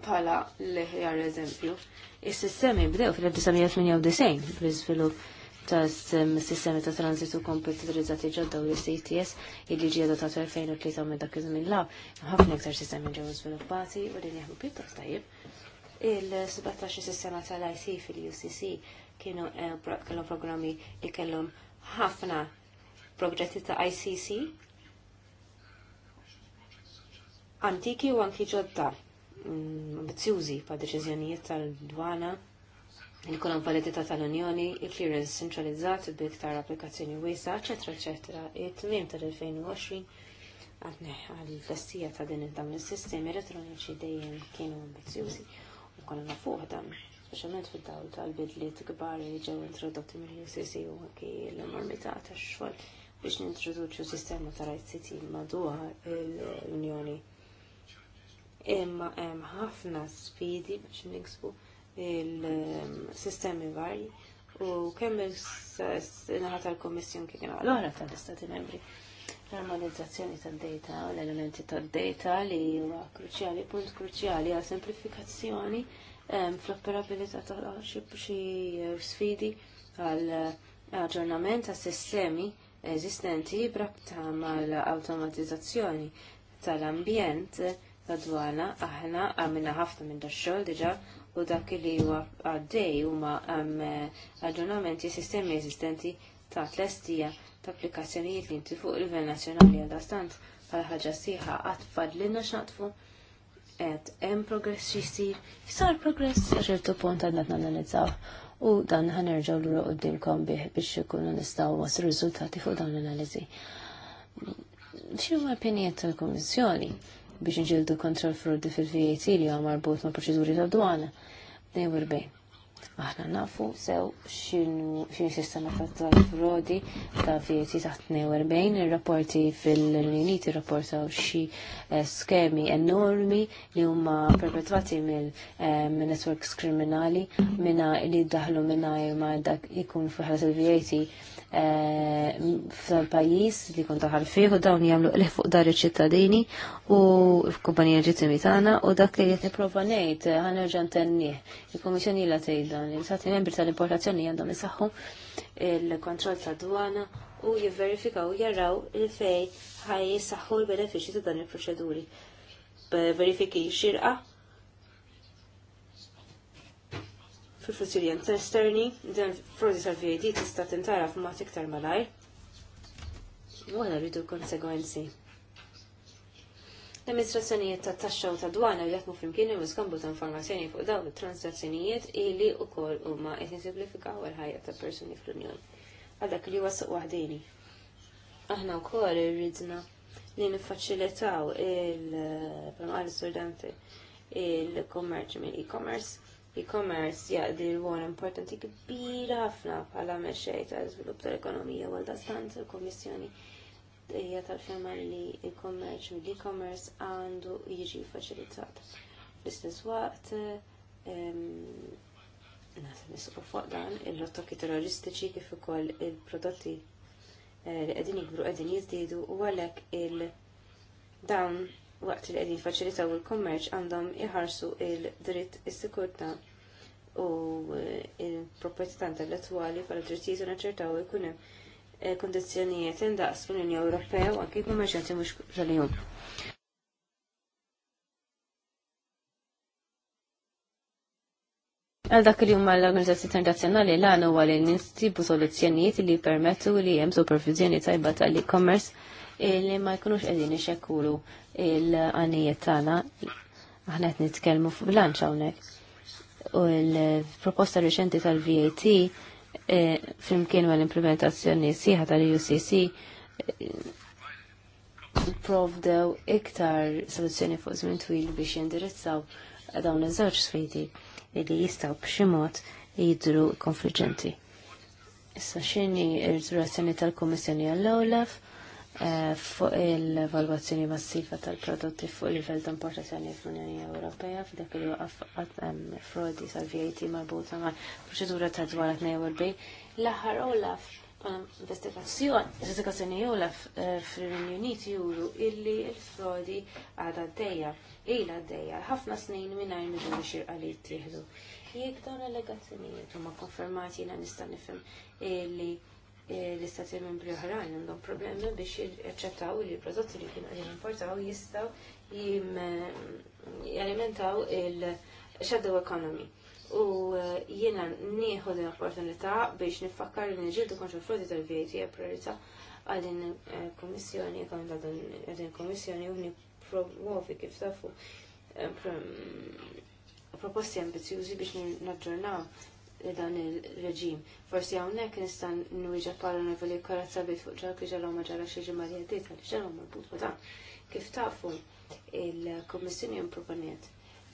S3: bħala l-ħjar eżempju. Is-sistemi bdew fil-1998 bl-iżvilupp tas-sistemi ta' transitu kompjuterizzati ġodda u l-CTS illi ġie adottat 2003 minn dak iż-żmien law, ħafna iktar sistemi ġew żviluppati u din jaħdmu pjuttost tajjeb. Il-17 sistema tal-IC fil-UCC kienu eh, kellhom programmi li kellhom ħafna proġetti ta' ICC antiki u anki ġodda mm, ambizzjużi pa' deċiżjonijiet tal-dwana il-kolom validità tal-Unjoni, il-clearance centralizzat, b'iktar applikazzjoni wisa, eccetera, eccetera. il tmim tal-2020 għadne għal-flessija ta' din id-dawn il-sistemi elettroniċi dejjem kienu ambizjuzi u konna fuq dan. Speċjalment fid-dawl tal-bidliet kbar li ġew introdotti mill-UCC u anki l-enormità x xogħol biex nintroduċu sistema ta' siti madwar l-Unjoni. Imma hemm ħafna sfidi biex niksbu il-sistemi varji u kemm il-naħat tal-Kommissjon kien hemm għal-oħra tal-Istati Membri normalizzazzjoni tad-data u l-elementi tad-data li huwa kruċjali, punt kruċjali għal semplifikazzjoni fl-operabilità tal-xi sfidi għal aġġornament tas sistemi eżistenti brabta l automatizzazzjoni tal-ambjent tad-dwana aħna għamilna ħafna minn dax-xogħol diġà u dak li huwa għaddej huma hemm aġġornamenti e sistemi eżistenti ta' tlestija ta' applikazzjonijiet li inti fuq livell nazzjonali għal dastant għal ħaġa sieħa qatt fadlilna x'naqtfu qed hemm progress jisir, sar progress sa ċertu punt t nanalizzaw u dan ħanerġgħu lura qudielkom bih biex ikunu nistgħu waslu riżultati fuq dawn l-analiżi. għal pinijiet tal-Kummissjoni? biex nġildu kontrol frodi fil-VAT li huwa marbut ma' proċeduri ta' dwana. They Nejwer bejn. Aħna nafu sew xinu sistema ta' tal-frodi ta' vjeti ta' 42 il-rapporti fil-Uniti rapportaw xi eh, skemi enormi li huma perpetrati mill-networks eh, kriminali minna li daħlu minna ma dak ikun fuħra il-vjeti eh, fil-pajis li kun taħal fih u dawn jamlu l fuq dar iċ-ċittadini u f-kumpanija ġitimi tagħna u dak li qed nipprova ngħid ħanerġa' ntennih. Il-Kummissjoni la tgħidha tal-Stati membri tal-importazzjoni għandhom isaħħu il-kontroll ta' dwana u jivverifikaw jarraw il-fej ħaj jisaħħu l-benefiċi ta' dan il-proċeduri. Verifiki xirqa fil-fuzzjonijiet esterni, dan frodi tal-VD e tista' tintara f'mat iktar malaj. U għana rridu konsegwenzi L-amministrazzjonijiet ta' taxxa u ta' dwana jaħdmu flimkien il-miskambu ta' informazzjoni fuq dawn it-transazzjonijiet ili wkoll huma qed jisimplifikaw il-ħajja ta' persuni fl-Unjoni. Għal dak li wasaq waħdini. Aħna wkoll irridna li niffaċilitaw il-Pamqal Sordante il-commerċ mill e-commerce. E-commerce jaqdi l-għon importanti kbira ħafna bħala meċċej ta' zvilup tal-ekonomija għal dastant u kommissjoni hija tal-firma li il-commerċ mill-e-commerce għandu jiġi faċilitat. Fl-istess waqt, naħseb nisqu fuq dan, il rotokki terroristiċi kif ukoll il-prodotti eh, li qegħdin jikbru qegħdin jiżdiedu u għalhekk il- dawn waqt li qegħdin faċilitaw il-kommerċ għandhom iħarsu il-dritt is sikurta u eh, il-proprjetà intellettwali bħala drittijiet u naċċertaw ikun hemm Eh, kondizjonijiet indaqs fl-Unjoni Ewropea u anki maġġati mhux tal Għal dak li jum l-Organizzazzjoni Internazzjonali lan huwa li nistibu soluzzjonijiet li permettu li hemm supervizjoni tajba tal-e-commerce eh, li ma jkunux qegħdin ixekkulu l-għanijiet tagħna aħna qed nitkellmu f'bilanċ hawnhekk. U l-proposta riċenti tal-VAT E, flimkien ma l-implementazzjoni siħa tal-UCC e, provdew iktar soluzzjoni fuq żmien twil biex jindirizzaw dawn iż-żewġ sfidi li jistgħu b'xi mod jidru konfliġenti. Issa xini r-relazzjoni tal-Kummissjoni għall-Olaf Eh, fuq il-valwazzjoni massiva tal-prodotti fuq il-livell ta' importazzjoni fl-Unjoni Ewropea f'dak li waqaf frodi sal vat marbuta ma' proċedura ta' dwar 42 l-aħħar Olaf investigazzjoni Olaf eh, fl-Unjoni Uniti juru illi il-frodi għadha d-dejja ila dejja ħafna snin mingħajr għajn miġu xirqa li jittieħdu. Jek dawn allegazzjonijiet huma konfermati jiena nista' nifhem illi l-istati membri oħrajn għandhom problemi biex jaċċettaw li l prodotti li kienu għadin importaw jistaw jalimentaw il-shadow economy. U eh, jiena nieħu din opportunità biex nifakkar li nġildu kontra frodi tal-VAT e priorità għal din eh, kommissjoni komissjoni kommissjoni u niprovovi kif tafu eh, proposti ambizjużi biex naġġornaw li dan il-reġim. Forsi hawnhekk n nwieġa bħala nevoli karazza bit fuq ġalki ġalhom ma ġara xi ġimgħa li għaddiet għaliex ġalhom marbut ma dan. Kif tafu il-Kummissjoni improponiet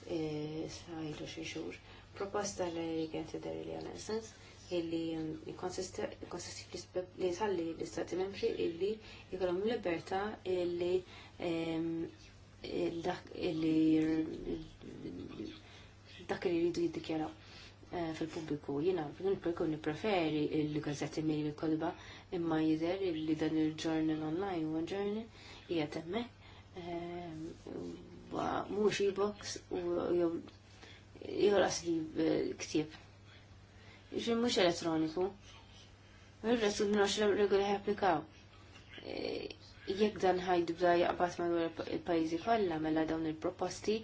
S3: e, sa ilu xi xhur proposta li kien tidher li għal sens illi um, konsisti li jħalli l-istati membri illi jkollhom libertà illi dak li jridu jiddikjaraw Eh, fil-pubbliku. Jina, fil-pubbliku nipreferi il-gazzetti mill kolba imma jider li dan il-ġurnal online u ġurnal hija temmek eh, mhux e-box u jew asli eh, ktieb. Ġi mhux elettroniku. Ir-restu minnox regoli applikaw. Jekk dan ħajdu bda jaqbad madwar il-pajjiżi kolla mela dawn il-proposti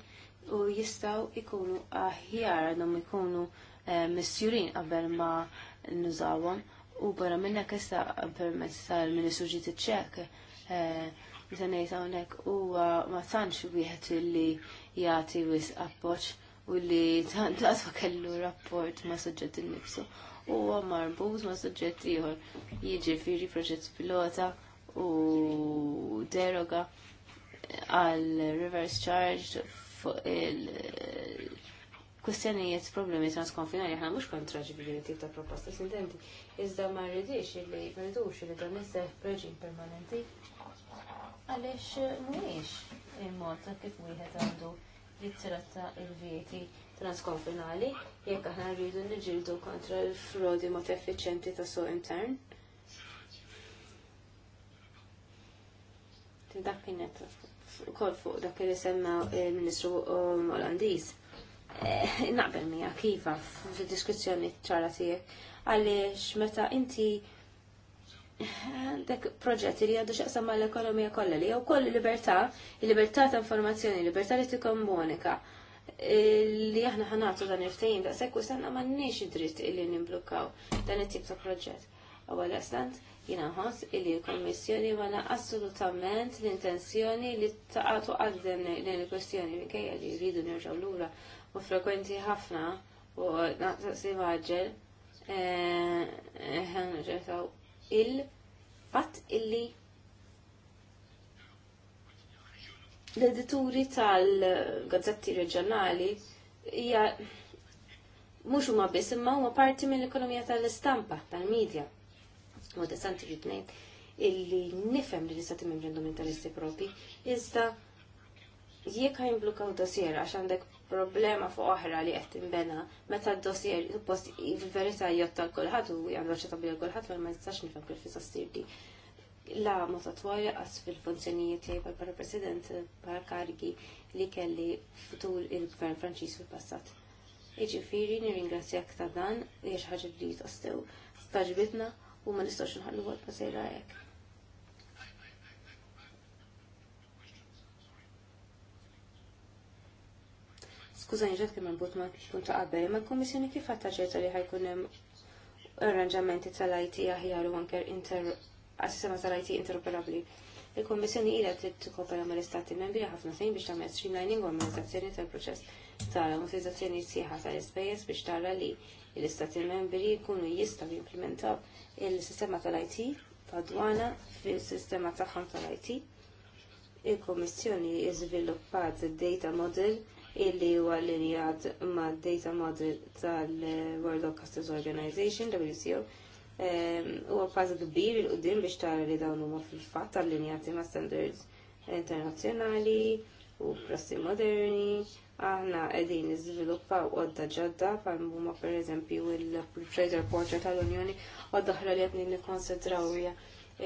S3: u jistaw ikunu aħjar għadhom ikunu Eh, misjurin qabel ma nużawhom u barra minnek issa permezz tal-Ministru ġiet ċek meta eh, ngħid hawnhekk huwa ma tantx wieħed li jagħti wis appoġġ u li tant kellu rapport ma' suġġett innifsu u marbuż ma' iħor jieġi firri proġett pilota u deroga għal reverse charge fuq il kustjonijiet problemi transkonfinali ħana mux kontra ġibri tip ta' proposta sindenti. Iżda ma rridix li rridux li dan nisseħ reġim permanenti. Għalix mhuwiex il-mod ta' kif wieħed għandu jittratta il-vieti transkonfinali jekk aħna rridu niġildu kontra l-frodi mod effiċenti ta' so' intern. Dak kienet kol fuq dak li semma il-Ministru Olandiż Eh, naqbel mija kiva fil-diskussjoni ċara tiegħek għaliex meta inti eh, dek proġetti li għadu xaqsam ma l-ekonomija kollha li jew koll libertà, libertà ta' informazzjoni, libertà li tikkomunika eh, li aħna ħanatu dan il-ftehim da' sekku sanna m'għandniex id-dritt illi nimblukkaw dan it-tip ta' proġett. Ewwel estant jiena nħoss illi l komissjoni ma assolutament l-intenzjoni li taqatu għal din il-kwestjoni kajja li jridu l lura u frekwenti ħafna u naqsaqsi maġġel vaġel eh, eh, il-fat illi l-edituri tal-gazzetti reġjonali hija mhux huma biss imma huma parti mill-ekonomija tal-istampa tal-medja. Mod esanti ġid ngħid illi nifhem li l-istati membri għandhom interessi propi iżda jekk ħajnblukaw dosier għax għandek problema fuq oħra li qed tinbena meta d-dossier suppost il-verità jotta l-kulħadd u għandu ċeta bil kulħadd ma ma nistax nifhem kif tista' ssir di. La ma tatwali qas fil-funzjonijiet tiegħi bħal para President bħal kargi li kelli futur il-Gvern Franċiż fil-passat. Iġifieri nirringrazzjak ta' dan li xi ħaġa li tostew staġbitna u ma nistax nħallu għal pasejra hekk. Skużani ġed kemm imbut ma punta qabel, ma l-Kummissjoni kif ċerta li ħajkun hemm arranġamenti tal-IT aħjar u anke sistema tal-IT interoperabbli. Il-Kummissjoni ilha trid tikkopera mal-Istati membri ħafna fejn biex tagħmel streamlining u armonizzazzjoni tal-proċess tal-amortizzazzjoni sieħa tal-ispejjeż biex tara li l-Istati membri jkunu jistgħu jimplementaw il-sistema tal-IT tad-dwana fil-sistema tagħhom tal-IT. Il-Kommissjoni iżviluppat data model illi huwa l-injad ma' data model tal-World Broadcasters Organization, WCO, huwa fażi kbir il qudiem biex tara li dawn huma fil-fatt linjati ma' standards internazzjonali u prossi moderni. Aħna qegħdin niżviluppaw għodda ġodda bħal per pereżempju il-Trade Reporter tal-Unjoni għodda ħra li għedni nikkonsidraw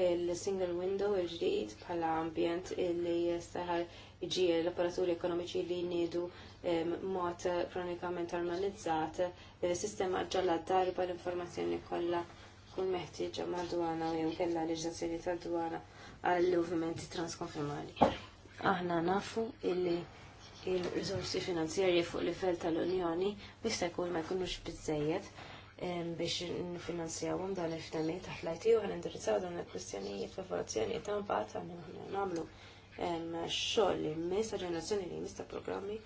S3: il-single window il-ġdijt bħala ambjent li jistaħal iġi l-apparaturi ekonomiċi li jnidu mod kronikament armonizzat, eh, sistema ġalla darba l-informazzjoni kollha kun meħtieġa madwana u jew kellha leġiżlazzjoni ta' dwana għall movimenti transkonfirmali. Aħna nafu illi il-rizorsi finanzjarji fuq livell tal-Unjoni bista' jkun ma jkunux biżejjed biex nifinanzjawhom dan il-ftemiet taħlajti u għal-indirizzaw dan il-kwistjonijiet f'evoluzzjoni ta' mbagħad aħna għamlu xoll li jmiss ġenerazzjoni li jmiss ta' programmi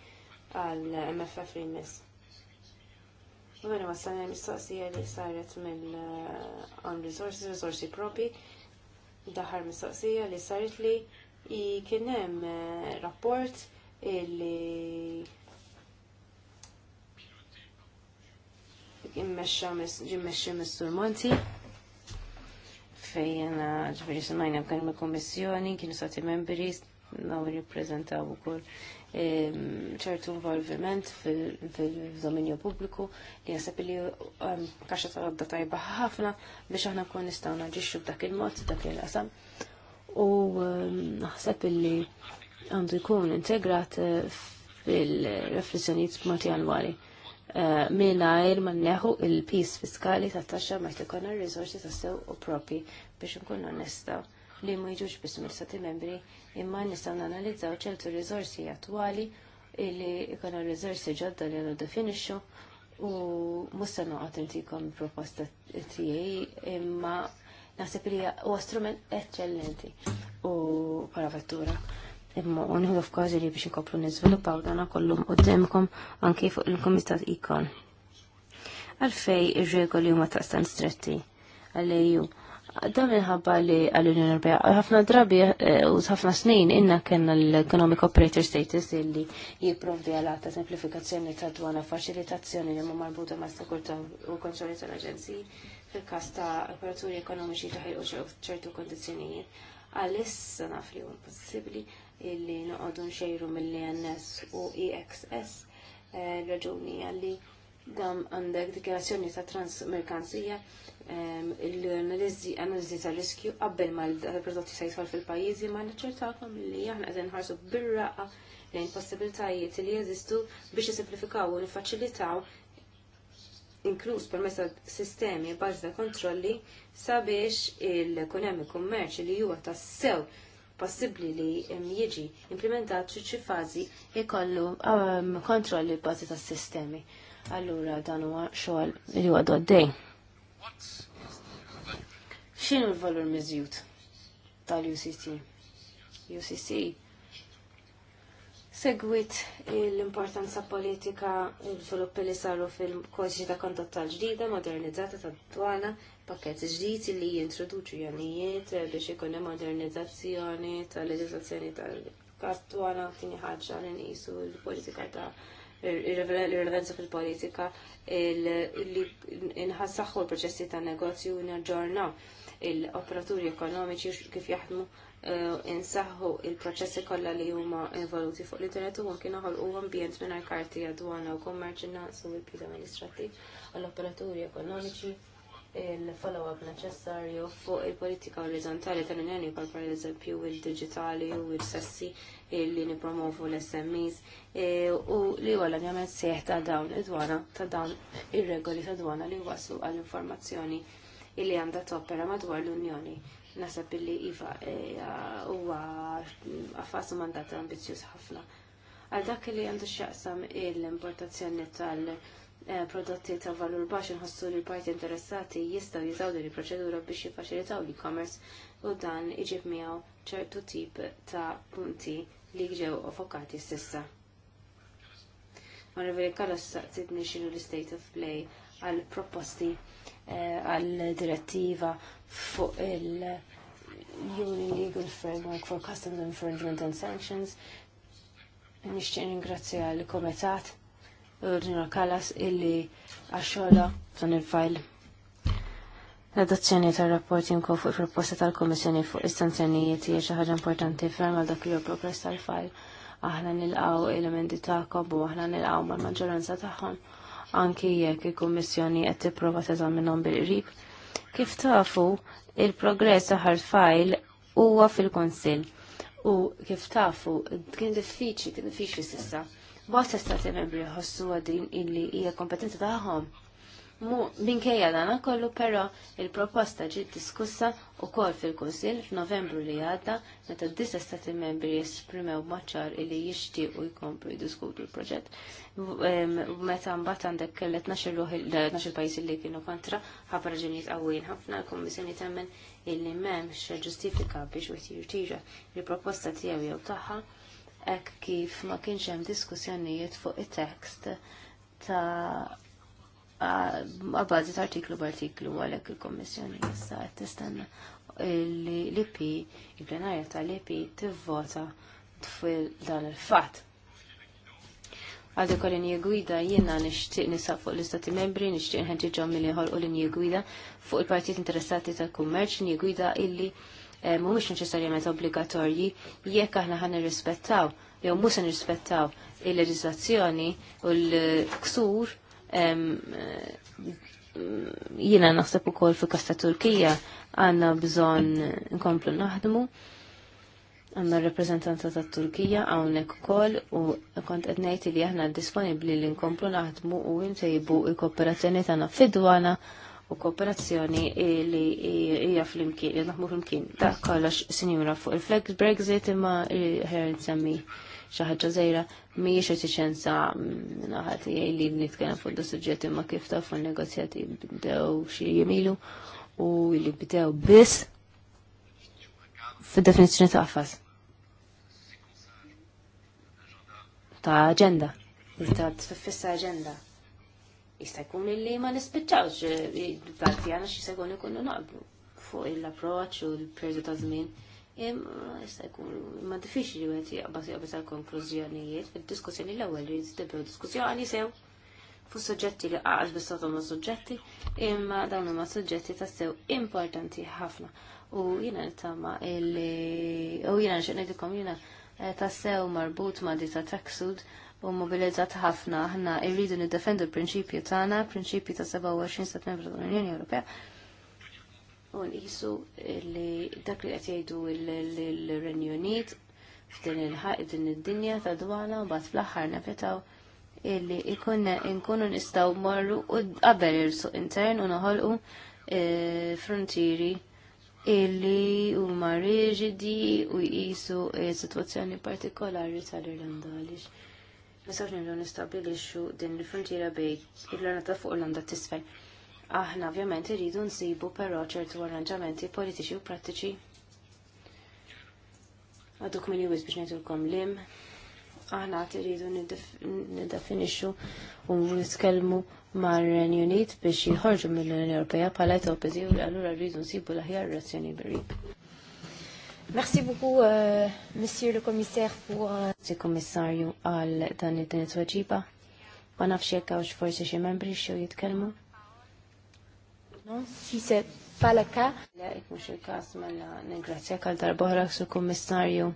S3: għal MFF li mis. U għana wasalna mistoqsija li saret mill eh, on resources, resorsi propi, daħar mistoqsija li saret li kienem eh, rapport
S1: li
S3: immexxa ġimmexxi mis-Sur Monti fejn ġifieri smajna b'kan il-Kummissjoni kienu sati membri naw jirrappreżentaw ukoll ehm, ċertu involviment fil-dominju pubbliku li jasab ehm, li kaxa ta' għadda tajba ħafna biex aħna kun nistaw naġixxu b'dak il-mod, dak il-qasam. U ehm, naħseb li għandu jkun integrat eh, fil-reflessjoniet mati għanwali. Eh, minajr ma neħu il-pis fiskali ta' taxxa ma jtikon il riżorsi ta' sew u propi biex nkun onesta li ma jiġux biss mil stati membri imma nistgħu nanalizzaw ċertu r-rizorsi attwali illi il rizorsi ġodda li għanu definixxu u musta noqgħod intikom proposta tiegħi imma naħseb li huwa strument eċċellenti u paravettura. vettura imma unħu f'każi li biex ikoplu niżviluppaw dana kollu qudiemkom anke fuq il-Kumitat Ikon. Għalfej ir-regoli huma taqstan stretti għalejju. Dan minħabba li għall-Unjoni Ewropea ħafna drabi eh, u ħafna snin inna kellna l-Economic Operator Status illi jipprovdi għalata semplifikazzjoni ta' dwana faċilitazzjoni li ma marbuta ma' sekurta u kontrolli tal-aġenziji fil-każ ta' operaturi ekonomiċi taħilqu ċertu kondizzjonijiet għalissa naf li huwa possibbli illi noqogħdu nxejru mill-INS u EXS eh, raġuni għalli dam għandek dikjarazzjoni ta' transmerkanzija eh, l-analizi ta' riskju qabel ma l-prodotti se jitfall fil-pajjiżi ma naċċertakom li aħna għazen nħarsu bir lejn possibilitajiet li jeżistu biex jisimplifikaw u nifacilitaw inkluż permezz ta' sistemi bażi ta' kontrolli sabiex il-kunemi kummerċi li huwa tassew sew possibbli li jiġi implementat xi fażi jkollu kontrolli bażi tas-sistemi. Allura dan huwa xogħol li huwa għaddej. X'inhu l-valur miżjud tal-UCC? UCC segwit l-importanza politika l-żviluppi li saru fil-kodiċi ta' kondotta l-ġdida modernizzata tad dwana pakket ġdid li jintroduċu janijiet biex ikun hemm modernizzazzjoni tal-leġiżlazzjoni tal-kartwana kini ħaġa li nisu l-politika ta' irrelevanza fil-politika li inħassaħħu l-proċessi ta' negozju naġġorna l-operaturi ekonomiċi kif jaħdmu eh, insaħħu il-proċessi kollha li huma involuti fuq l-internet u mumkien u ambjent mingħajr karti għadwana u kummerċ innaqsu il-pid amministrattiv għall-operaturi ekonomiċi il-follow-up neċessarju fuq il-politika orizzontali tal-Unjoni pal per eżempju il-digitali u il-sessi li nipromovu l-SMEs e, u li huwa l-anjament seħ ta' dawn id-dwana ta' dawn ir-regoli ta' dwana li waslu għall-informazzjoni li għandha toppera madwar l-Unjoni. Nasab billi iva e, huwa għafasu mandat ambizjuż ħafna. Għal dak li għandu x'jaqsam il importazzjoni tal- Eh, prodotti ta' valur baxx inħossu li l-parti interessati jistgħu jiżgħu din il-proċedura biex jiffaċilitaw l-e-commerce u dan iġib miegħu ċertu tip ta' punti li ġew offokati s'issa. Ma riveli kalla staqsitni xinu l-state of play għal proposti eh, għal direttiva fuq il- Union Legal Framework for Customs Infringement and Sanctions. Nixtieq ningrazzja l-Komitat l-Ordinor Kallas illi għaxxola f'dan il-fajl. L-adozzjoni tal-rapport jinko fuq proposta tal-Komissjoni fuq istanzjonijiet hija xi ħaġa importanti ferm għal dak li huwa progress tal-fajl. Aħna nilqgħu elementi tagħkom u aħna nilqgħu mal-maġġoranza tagħhom anki jekk il-Kummissjoni qed tipprova teżaminhom bil-qrib. Kif tafu, il-progress aħar fajl huwa fil kunsill u kif tafu kien diffiċli, kien diffiċli sissa B'ħas stati membri ħossu għadin illi hija kompetenza tagħhom. Minkejja dana kollu però il-proposta ġiet diskussa wkoll fil-Kunsill f'Novembru li għadda meta d-dis stati membri jesprimew maċċar illi jixtiequ jkomplu jiddiskutu l-proġett. Meta mbagħad għandek kellet il pajjiż li kienu kontra ħafna raġunijiet qawwin ħafna l-Kummissjoni temmen illi m'hemmx ġustifika biex wieħed jirtiġa il-proposta tiegħu jew tagħha hekk kif ma kienx hemm diskussjonijiet fuq it-tekst ta' bażi ta' artiklu b'artiklu għalhekk il-Kommissjoni issa qed tistenna li l-IP, il-plenarja tal-IP tivvota tfil dan il-fatt. Għaldi kol linje gwida jiena nixtieq nisab fuq l-istati membri, nixtieq nħedġiġhom milli ħolqu linje gwida fuq il-partijiet interessati tal-kummerċ, linje gwida illi Eh, mhumiex neċessarjament obbligatorji jekk aħna ħan nirrispettaw jew mhux se nirrispettaw il-leġiżlazzjoni u l-ksur eh, jiena naħseb ukoll fi kasta Turkija għandna bżonn nkomplu naħdmu għanna rappresentanta ta' Turkija għawnek kol u kont ngħid li aħna disponibli li nkomplu naħdmu u nsejbu il-kooperazzjoni tagħna fid-dwana u kooperazzjoni li hija flimkien, li naħmu flimkien. Da kollox sinjura fuq il-flex Brexit imma ħer nsemmi xi ħaġa żejra mhijiex effiċenza naħat li nitkellem fuq da suġġett imma kif taf il-negozjati bdew xi jemilu u li bdew biss fid-definizzjoni ta' affas. Ta' agenda. Ta' tfissa agenda. Jista' jkun illi ma nispiċċawx eh, il-platti għana xi segon jkunu naqblu fuq l-approċċ u l-perżu ta' żmien. Jista' jkun ma diffiċli wieħed jaqbad jaqbad tal-konklużjonijiet fid-diskussjoni l-ewwel li jistibgħu diskussjoni sew fu' soġġetti li qaqax biss huma soġġetti, imma dawn huma soġġetti ta' sew importanti ħafna. U jiena nittama illi u jiena nixtieq ngħidilkom eh, ta' sew marbut ma' dita taksud u mobilizzat ħafna ħna irridu niddefendu l-prinċipju tagħna, prinċipju ta' 27 stat membru tal-Unjoni Ewropea. U nqisu li dak li qed jgħidu l-Renju Unit f'din il-din ħaq id-dinja ta' dwana u bad fl-aħħar nefetaw illi ikunna inkunu nistgħu mmorru u qabel il-suq intern u noħolqu eh, frontieri illi huma riġidi u jqisu eh, situazzjoni partikolari tal-Irlanda għaliex Nistax nirdu nistabilixxu din il-frontiera bej il-lana ta' fuq l-onda t-isfel. Aħna ovvjament irridu nsibu però ċertu arranġamenti politiċi u prattiċi. Għaduk minn juwiz biex ngħidulkom lim. Aħna għat irridu niddefinixxu u niskellmu mar ren Unit biex jħorġu mill-Unjoni Ewropea bħala Etopizi u allura rridu nsibu l-aħjar razzjoni berib. Merci beaucoup, euh, Monsieur le Commissaire, pour... Euh, grazie, Kommissarju, għal de id-din it-tweġiba. Ma nafx jekk għawx forsi xi membri xew jitkellmu. Non, si n'est pas Le, jek mux il-kas mela ningrazzja għal darbohra su Kommissarju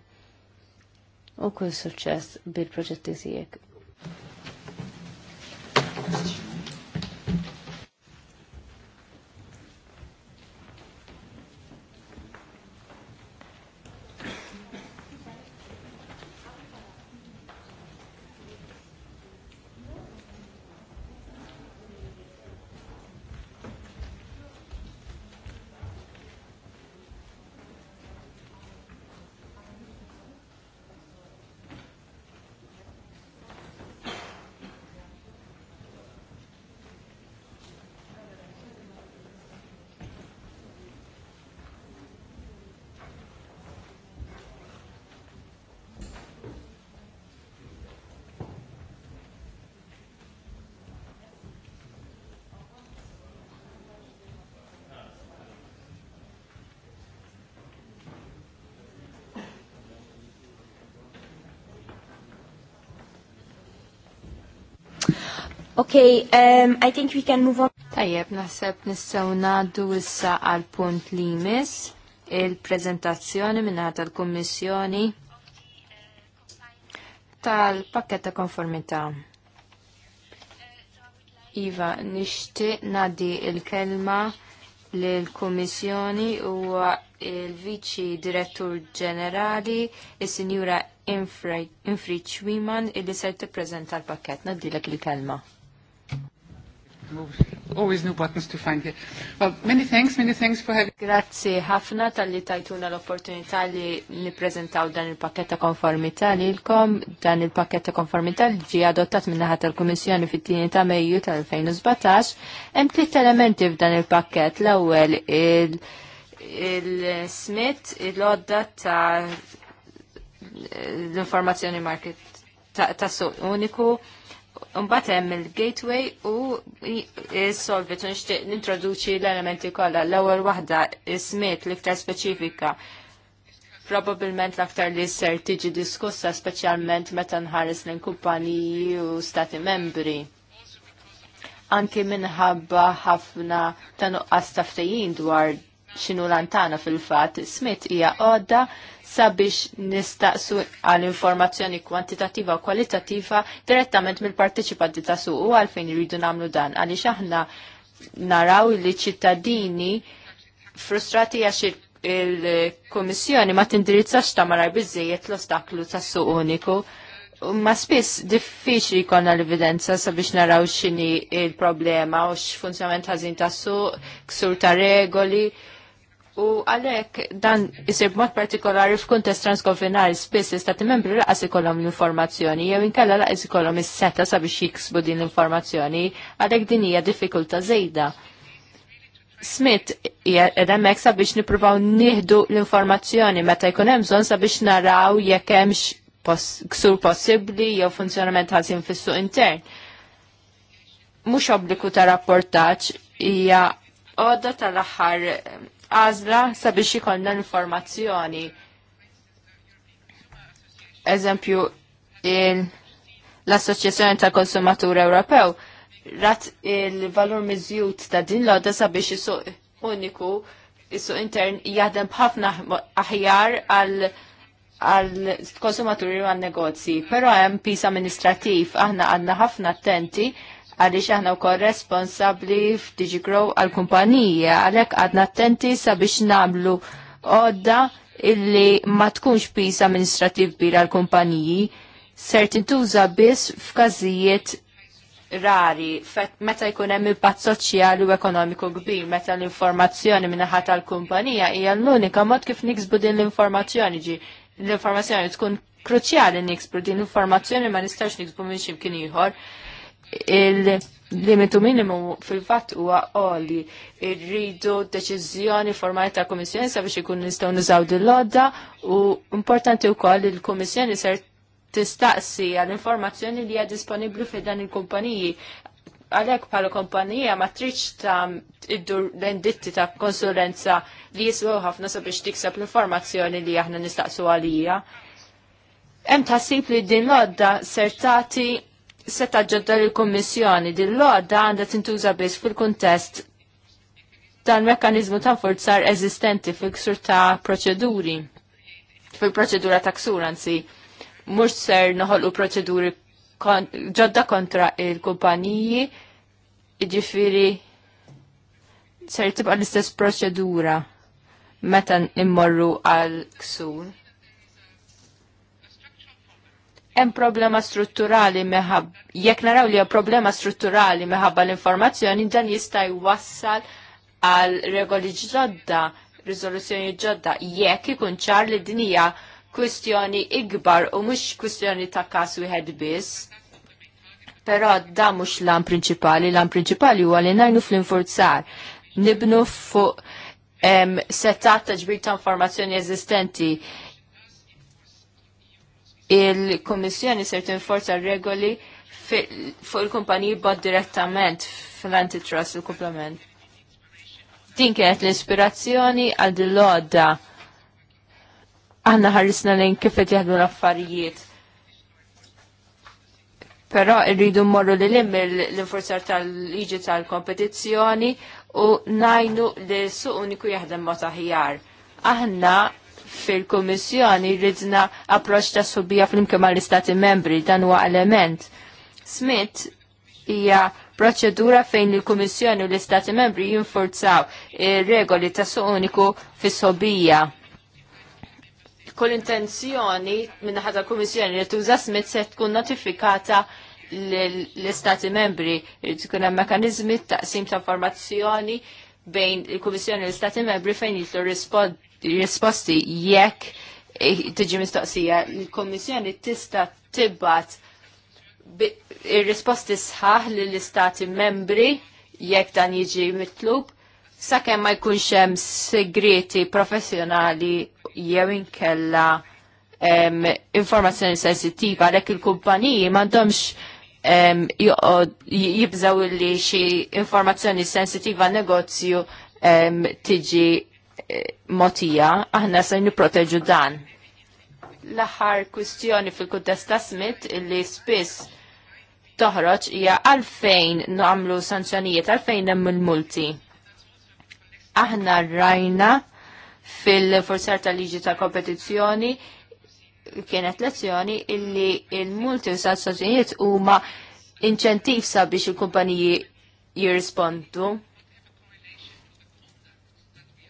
S3: u kull suċċess bil-proġetti tiegħek.
S2: Okay, um, I think we can move on. Tajjeb, naħseb nistgħu ngħaddu issa għal punt li jmiss il-prezentazzjoni minna tal-Kummissjoni tal pakketta ta' konformità. Iva, nixtieq ngħaddi il-kelma lill-Kummissjoni u il vici Direttur Ġenerali, il sinjura Infri il illi ser tippreżenta l-pakket. Nadilek il-kelma. Always new buttons to find here. Well, many thanks, many thanks for having... Grazzi ħafna tal-li tajtuna l-opportunità li niprezentaw dan il-pakket ta' konformità li l-kom, dan il-pakket ta' konformità li ġi adottat minnaħat tal-Komissjoni fit-tini ta' Mejju tal-2017. Hemm tliet elementi f'dan il-pakket. L-ewwel il-smit, il-odda ta' l-informazzjoni market ta' suq uniku, Mbagħad hemm il-gateway u s-solvit u nixtieq nintroduċi l-elementi kollha. L-ewwel waħda ismiet l-iktar speċifika. Probabilment l-aktar li ser tiġi diskussa speċjalment meta nħares lejn kumpaniji u stati membri. Anki minħabba ħafna ta' nuqqas taftejjin dwar xinu lantana fil-fat, smit hija għodda sabiex nistaqsu għal informazzjoni kwantitativa u kwalitativa direttament mill-partiċipanti ta' suq u għalfejn jridu namlu dan għaliex aħna naraw li ċittadini frustrati għax il-Komissjoni ma tindirizzax ta' marar biżejjed l-ostaklu ta' suq uniku. Ma spiss diffiċli jkollna l-evidenza sabiex naraw x'inhi il-problema u x'funzjament ħażin ta' suq, ksur ta' regoli U għalek dan isir mod partikolari f'kuntest transkonfinari spiss istati membri raqas ikollhom l-informazzjoni jew inkella laqas ikollhom is-seta sabiex jiksbu din l-informazzjoni għalhekk din hija diffikulta żejda. Smith hija hemmhekk sabiex nippruvaw nieħdu l-informazzjoni meta jkun hemm bżonn sabiex naraw jekk hemmx ksur possibbli jew funzjonament ħażin fis-suq intern. Mhux obbliku ta' rapportaġġ hija għodda tal-axħar għażla sabiex ikollna informazzjoni. Eżempju, l-Assoċjazzjoni tal-Konsumatur Ewropew rat il-valur miżjut ta' din l għoda sabiex is uniku, is-suq intern jaħdem bħafna aħjar għal għal konsumaturi u għal negozji, pero hemm pisa amministrativ aħna għandna ħafna attenti għaliex aħna wkoll responsabbli f'Digi Grow għall-kumpanija għalhekk għadna attenti sabiex nagħmlu għodda illi ma tkunx pis amministrativ kbir għall-kumpaniji sertin tintuża biss f'każijiet rari meta jkun hemm impatt soċjali u ekonomiku kbir meta l-informazzjoni minaħa tal-kumpanija hija l-unika mod kif niksbu din l-informazzjoni ġi l-informazzjoni tkun kruċjali niksbu din l-informazzjoni ma nistax niksbu minn ximkien ieħor il-limitu minimu fil-fatt huwa qoli irridu deċiżjoni formali ta' komissjoni sabiex ikun nistgħu nużaw dil-lodda u importanti wkoll il-Kummissjoni ser tistaqsi għall-informazzjoni li hija disponibbli fi dan il-kumpaniji għalek pala kompanija ma triċ ta' iddur l-enditti ta' konsulenza li jiswew ħafna sabiex tikseb l-informazzjoni li aħna nistaqsu għalija. Hemm taħsib li din lodda sertati seta ġodda l-Kommissjoni din l-għodda għandha tintuża biss fil-kuntest tal-mekkanizmu ta' forzar eżistenti fil-ksur ta' proċeduri, fil-proċedura ta' ksur, anzi, mux ser noħolqu proċeduri ġodda kontra il-kumpaniji, iġifiri ser tibqa l-istess proċedura meta immorru għal ksur hemm problema strutturali meħab jekk naraw li problema strutturali meħabba l-informazzjoni dan jista' jwassal għal regoli ġodda, riżoluzzjoni ġodda jekk ikun ċar li din hija kwistjoni ikbar u mhux kwistjoni ta' każ wieħed biss. Però da mhux l lan prinċipali, lan prinċipali huwa li ngħinu fl-infurzar, nibnu fuq setat ta' ġbir ta' informazzjoni eżistenti il-Komissjoni ser tinforza regoli fuq il-kumpaniji bad direttament fl-antitrust il-komplement. Din kienet l-ispirazzjoni għal dil-lodda għanna ħarrisna lejn kif qed jaħdu l-affarijiet. Però rridu mmorru li lim l-infurzar tal-liġi tal-kompetizzjoni u najnu li suq uniku jaħdem mod aħjar. Aħna fil-Kummissjoni ridna approċċ ta' subija flimkien mal-Istati membri dan huwa element. Smith hija proċedura fejn il-Kummissjoni u l-Istati membri jinforzaw regoli ta' uniku fis-sobija. Kull intenzjoni minn ħadd kummissjoni li tuża Smith se tkun notifikata l-Istati membri tkun hemm mekkaniżmi taqsim ta' informazzjoni bejn il-Kummissjoni u l-Istati membri fejn jitlu rispondi risposti jekk tiġi mistoqsija il-Kommissjoni tista' tibbat ir-risposti sħaħ lill-istati membri jekk dan jiġi mitlub sakemm ma jkunx hemm segreti professjonali jew inkella informazzjoni sensittiva għalhekk il-kumpaniji m'għandhomx jibżaw li xi informazzjoni sensittiva negozju tiġi motija, aħna se niproteġu dan. L-aħħar kwistjoni fil-kuntest ta' Smith illi spiss toħroġ hija għalfejn nagħmlu sanzjonijiet għalfejn hemm il-multi. Aħna rajna fil forsar tal-liġi ta' kompetizzjoni kienet lezzjoni illi il-multi u sanzjonijiet huma inċentiv sabiex il-kumpaniji jirrispondu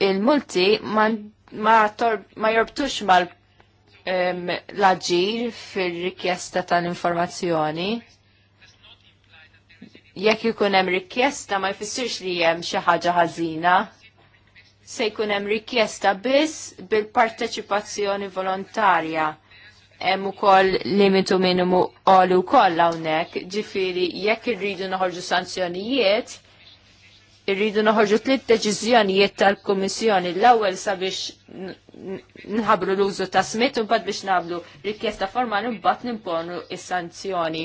S2: il-multi ma, jorbtux mal l-aġir fil-rikjesta tal-informazzjoni. Jekk ikun hemm rikjesta ma jfissirx li hemm xi ħaġa ħażina. Se jkun hemm rikjesta biss bil-parteċipazzjoni volontarja. Hemm ukoll limitu minimu għal wkoll hawnhekk, ġifieri jekk irridu noħorġu sanzjonijiet, irridu noħorġu tliet deċiżjonijiet tal-Kummissjoni l-ewwel sabiex nħabru l-użu ta' smitt u mbagħad biex nagħmlu rikjesta formali mbagħad nimponu is-sanzjoni.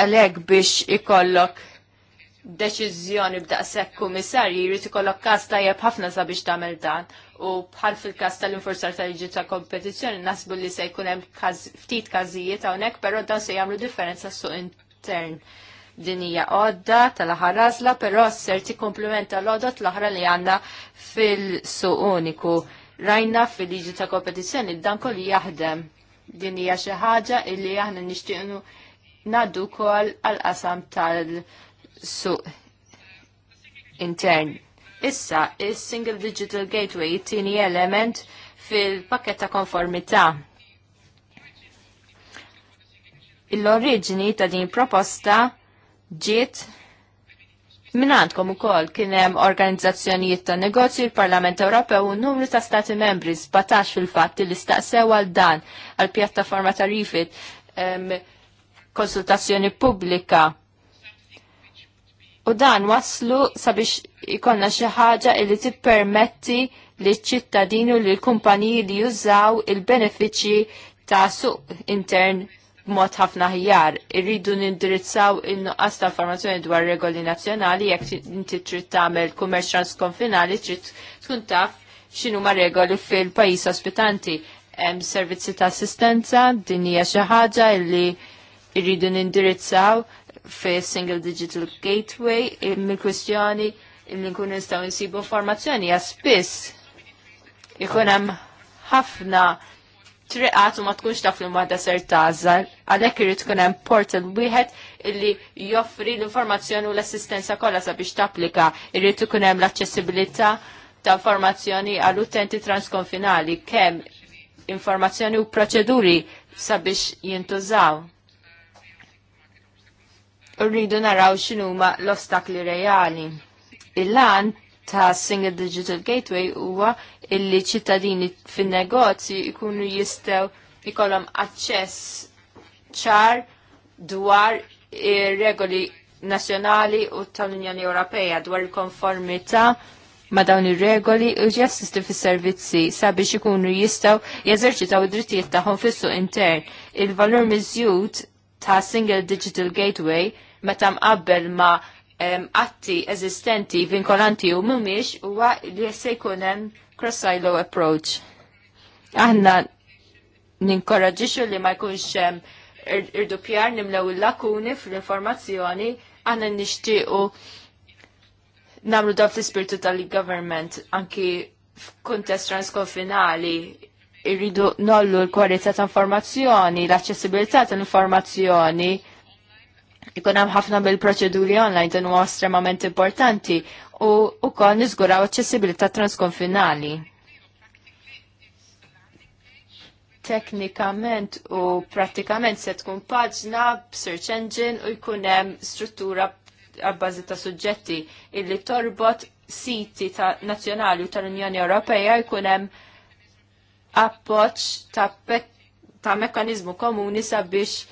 S2: Għalhekk biex ikollok deċiżjoni b'daqshekk kummissarji jrid ikollok każ tajjeb ħafna sabiex tagħmel dan u bħal fil-każ tal-infurzar tal-liġi ta' kompetizzjoni nasbu li se jkun hemm ftit każijiet hawnhekk, però dan se jagħmlu differenza suq intern din hija għodda tal ħarazla għażla, però ser tikkomplementa l għodda l ħra li għandna fil-suq uniku. Rajna fil-liġi ta' kompetizzjoni dan kol jaħdem. Din hija xi ħaġa illi aħna nixtieqnu naddu kol għal-qasam tal-suq intern. Issa, il single Digital Gateway tieni element fil-pakket ta' konformità. il oriġini ta' din proposta ġiet minn għandkom ukoll kien hemm organizzazzjonijiet ta' negozju il-Parlament Ewropew u numru ta' stati membri 17 fil-fatt li staqsew għal dan għal pjattaforma ta' rifit konsultazzjoni pubblika. U dan waslu sabiex ikonna xi ħaġa li tippermetti li ċ-ċittadini u li l-kumpaniji li jużaw il-benefiċċji ta' suq intern b'mod ħafna ħjar. Irridu nindirizzaw il nuqqas ta' informazzjoni dwar regoli nazzjonali jekk inti trid tagħmel kummerċ transkonfinali trid tkun taf x'inhu ma regoli fil-pajjiż ospitanti. Hemm servizzi ta' assistenza, din hija xi ħaġa li irridu nindirizzaw fi Single Digital Gateway mill-kwistjoni li nkun nistgħu nsibu informazzjoni ja spiss ikun hemm ħafna triqat u ma tkunx taf li maħda ser tażal, għalhekk irid tkun hemm portal wieħed illi joffri l-informazzjoni u l-assistenza kollha sabiex tapplika, irid ikun hemm l-aċċessibilità ta' informazzjoni għall utenti transkonfinali kemm informazzjoni u proċeduri sabiex jintużaw. Urridu naraw x'inhuma l-ostakli reali. Il-lan ta' Single Digital Gateway huwa illi ċittadini fin negozji ikunu jistew ikollhom aċċess ċar dwar ir-regoli nazzjonali u tal-Unjoni Ewropea dwar il-konformità ma dawn ir-regoli u ġassisti fis-servizzi sabiex ikunu jistgħu jeżerċitaw id-drittijiet tagħhom fis-suq intern. Il-valur miżjud ta' Single Digital Gateway meta mqabbel ma' atti eżistenti vinkolanti u mhumiex huwa li se jkun hemm cross-silo approach. Aħna ninkoraġiġu li ma jkunx irdupjar nimlew il-lakuni fl-informazzjoni, aħna nishtiqu namlu da fl ispirtu tal-government, anki f'kuntest transkonfinali, irridu nollu l-kwalità ta' informazzjoni, l-accessibilità ta' informazzjoni, ikun hemm ħafna bil-proċeduri online dan huwa estremament importanti u wkoll niżguraw aċċessibilità transkonfinali. Teknikament u prattikament se tkun paġna b'search engine u jkun hemm struttura għabbażi ta' suġġetti illi torbot siti ta' nazzjonali u tal-Unjoni Ewropea jkun hemm appoġġ ta', ta mekkanizmu komuni sabiex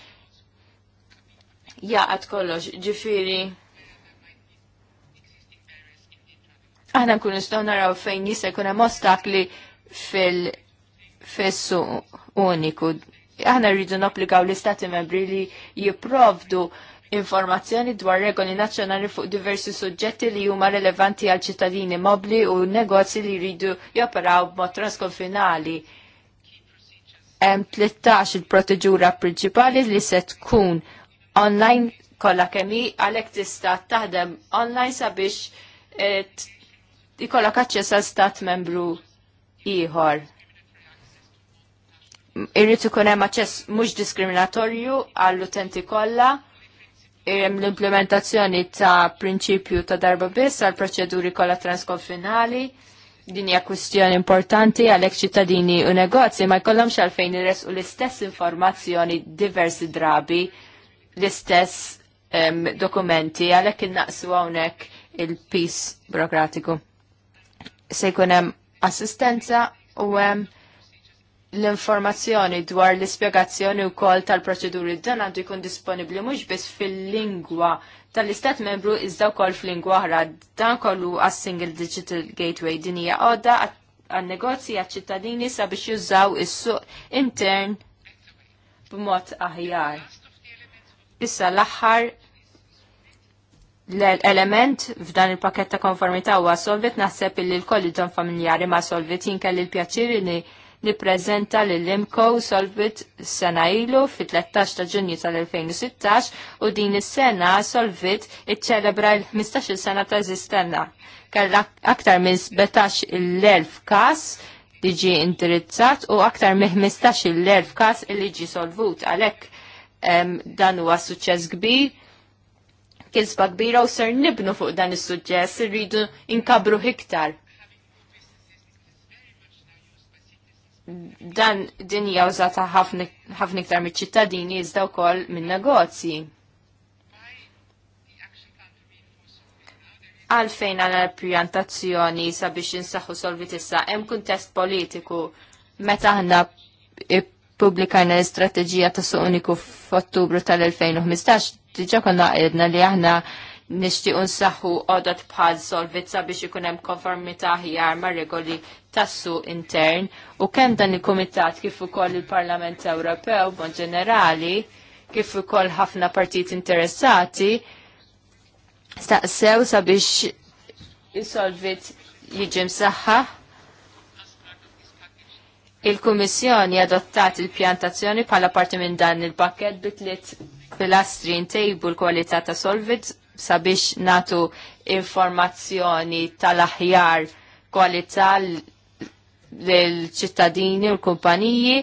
S2: jaqat kollox ġifiri aħna nkunu nistgħu naraw fejn jista' jkun hemm ostakli fil fessu uniku. Aħna rridu nopplikaw l-istati membri li jipprovdu informazzjoni dwar regoli nazzjonali fuq diversi suġġetti li huma relevanti għal ċittadini mobli u negozji li jridu joperaw b'mod transkonfinali. Hemm 13 il-proċedura prinċipali li se tkun online kollha kemm hi għalhekk tista' taħdem online sabiex eh, ikolla aċċess għal stat membru ieħor. Irrid ikun hemm aċċess mhux diskriminatorju għall-utenti kollha, hemm l-implementazzjoni ta' prinċipju ta' darba biss għal proċeduri kollha transkonfinali. Din hija kwistjoni importanti għalhekk ċittadini u negozji ma jkollhomx għalfejn u l-istess informazzjoni diversi drabi l-istess ehm, dokumenti għalhekk innaqsu hawnhekk il peace burokratiku se jkun hemm assistenza u hemm l-informazzjoni dwar l-ispjegazzjoni wkoll tal-proċeduri dan għandu jkun disponibbli mhux biss fil-lingwa tal-istat membru iżda wkoll fil-lingwa oħra. Dan kollu għas-Single Digital Gateway din hija għodda għan-negozji għaċ-ċittadini sabiex jużaw is-suq intern b'mod aħjar. Issa l-aħħar l-element f'dan il-pakket ta' konformità huwa solvit naħseb li l-koll ġon familjari ma' solvit jinkelli l-pjaċiri li nippreżenta li l-imko solvit sena ilu fit-13 ta' ġunju tal-2016 u din is-sena solvit iċċelebra l-15 sena ta' zistenna. Kalla aktar minn 17 l elf kas li ġi indirizzat u aktar minn 15 l elf kas li ġi solvut għalhekk dan huwa suċċess kbir kisba kbira u ser nibnu fuq dan is-suġġess irridu inkabru iktar. Dan din hija użata ħafna iktar
S1: miċ-ċittadini
S2: iżda wkoll min-negozji. għalfejn għal pjantazzjoni sabiex insaħħu solvit issa hemm kuntest politiku meta aħna publikajna l-istrateġija ta' suqniku f'Ottubru tal-2015 diġa konna għedna li aħna nixtiequ nsaħħu għodat bħal solvizza biex ikun hemm konformità ħjar ma' regoli tas-suq intern u kemm dan il-Kumitat kif ukoll il-Parlament Ewropew bon ġenerali kif ukoll ħafna partit interessati staqsew sabiex is-solvit jiġi msaħħa. Il-Kummissjoni adottat il-pjantazzjoni bħala parti minn dan il-pakket tliet pilastri ntejbu l-kwalità ta' solvit sabiex natu informazzjoni tal-aħjar kwalità l-ċittadini u l-kumpaniji,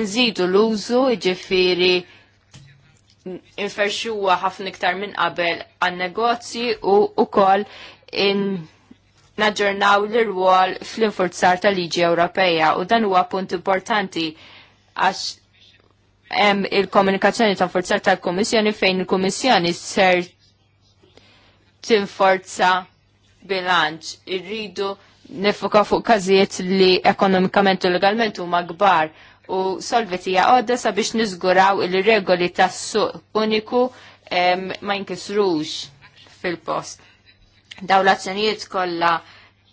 S2: nżidu l-użu, ġifiri inferxuwa ħafna iktar minn qabel għan negozji u u naġġornaw l-irwol fl-infurzar tal-liġi Ewropeja u dan huwa punt importanti għax hemm il-komunikazzjoni ta' forzar tal-Kummissjoni fejn il-Kummissjoni ser tinforza bilanċ. Irridu nifuka fuq każijiet li ekonomikament u legalment huma kbar u solvetija għodda sabiex niżguraw il-regoli tas-suq uniku ma jinkisrux fil-post Daw l-azzjonijiet kollha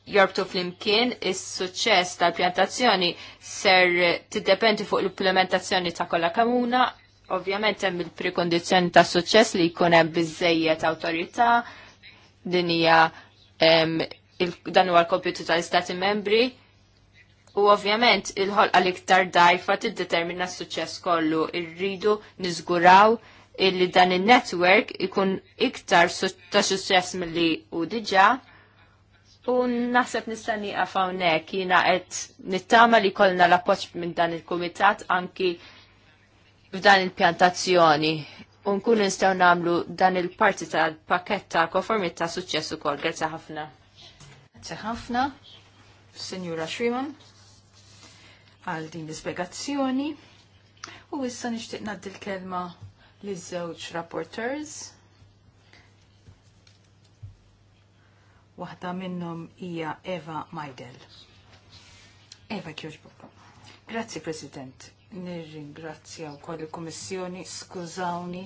S2: jorbtu flimkien is-suċċess tal-pjantazzjoni ser tiddependi fuq l-implementazzjoni ta' kollha kamuna, ovvjament hemm il-prekondizzjoni ta' suċċess li jkun hemm biżejjed awtorità din hija dan huwa l-kompjutu tal-Istati membri u ovvjament il-ħolqa l-iktar dajfa tiddetermina s-suċċess kollu irridu niżguraw illi dan il-network ikun iktar ta' suċċess mill-li u diġa. U naħseb nistani għafawne jina għed nittama li kolna l-appoċ minn dan il-komitat anki f'dan il-pjantazzjoni. Unkun nistaw namlu dan il-parti tal-pakket ta'
S1: konformit ta' suċċess ukoll. Grazie ħafna. Grazie ħafna, Signora Shriman, għal din l-spiegazzjoni. U issa nixtieq naddi l-kelma li żewġ rapporteurs. Waħda minnhom hija Eva Majdel. Eva Kjoġbuk. Grazzi President. Nirringrazzja wkoll il-Kummissjoni, skużawni,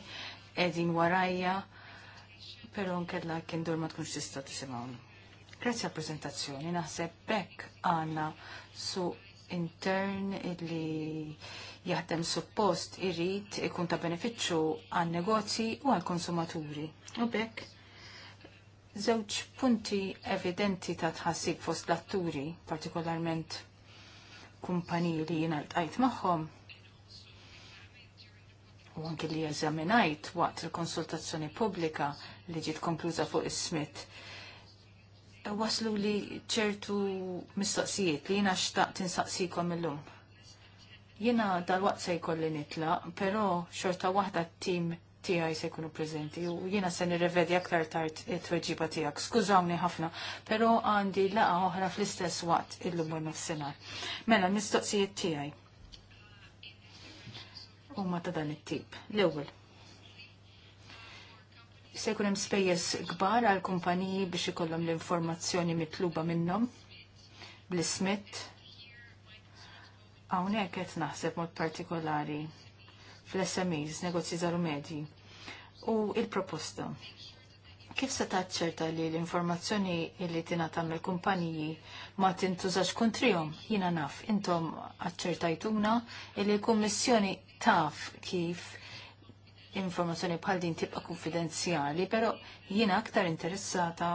S1: edin warajja, però nkella kien dur ma tkunx tista' tisimgħuni. Grazzi għal-prezentazzjoni, naħseb hekk għandna su intern illi jaħdem suppost irrid ikun ta' benefiċċju għal negozji u għal konsumaturi. U bekk, żewġ punti evidenti ta' tħassib fost l-atturi, partikolarment kumpaniji li jina l-tajt maħħom, u anki li jeżaminajt waqt il-konsultazzjoni pubblika li ġiet konkluża fuq is-smit. Waslu li ċertu mistoqsijiet li jina xtaqt insaqsikom illum. Jena dal-waqt se jkolli nitlaq, pero xorta waħda t-tim tiegħi se jkunu preżenti u jiena se nirrevedi aktar tard it-tweġiba tiegħek. Skużawni ħafna, però għandi laqa oħra fl-istess waqt illum u nofsinhar. Mela l-mistoqsijiet tiegħi. Huma ta' dan it-tip. L-ewwel. Se jkun hemm spejjeż kbar għal kumpaniji biex ikollhom l-informazzjoni mitluba minnhom bl-ismitt Hawnhekk qed naħseb mod partikolari fl-SMEs, negozji żaru medji. U il-proposta. Kif se taċċerta li l-informazzjoni li tingħata mill-kumpaniji ma tintużax kontrihom? Jina naf, intom aċċertajtuna li l-Kummissjoni taf kif informazzjoni bħal din tibqa' konfidenzjali, però jiena aktar interessata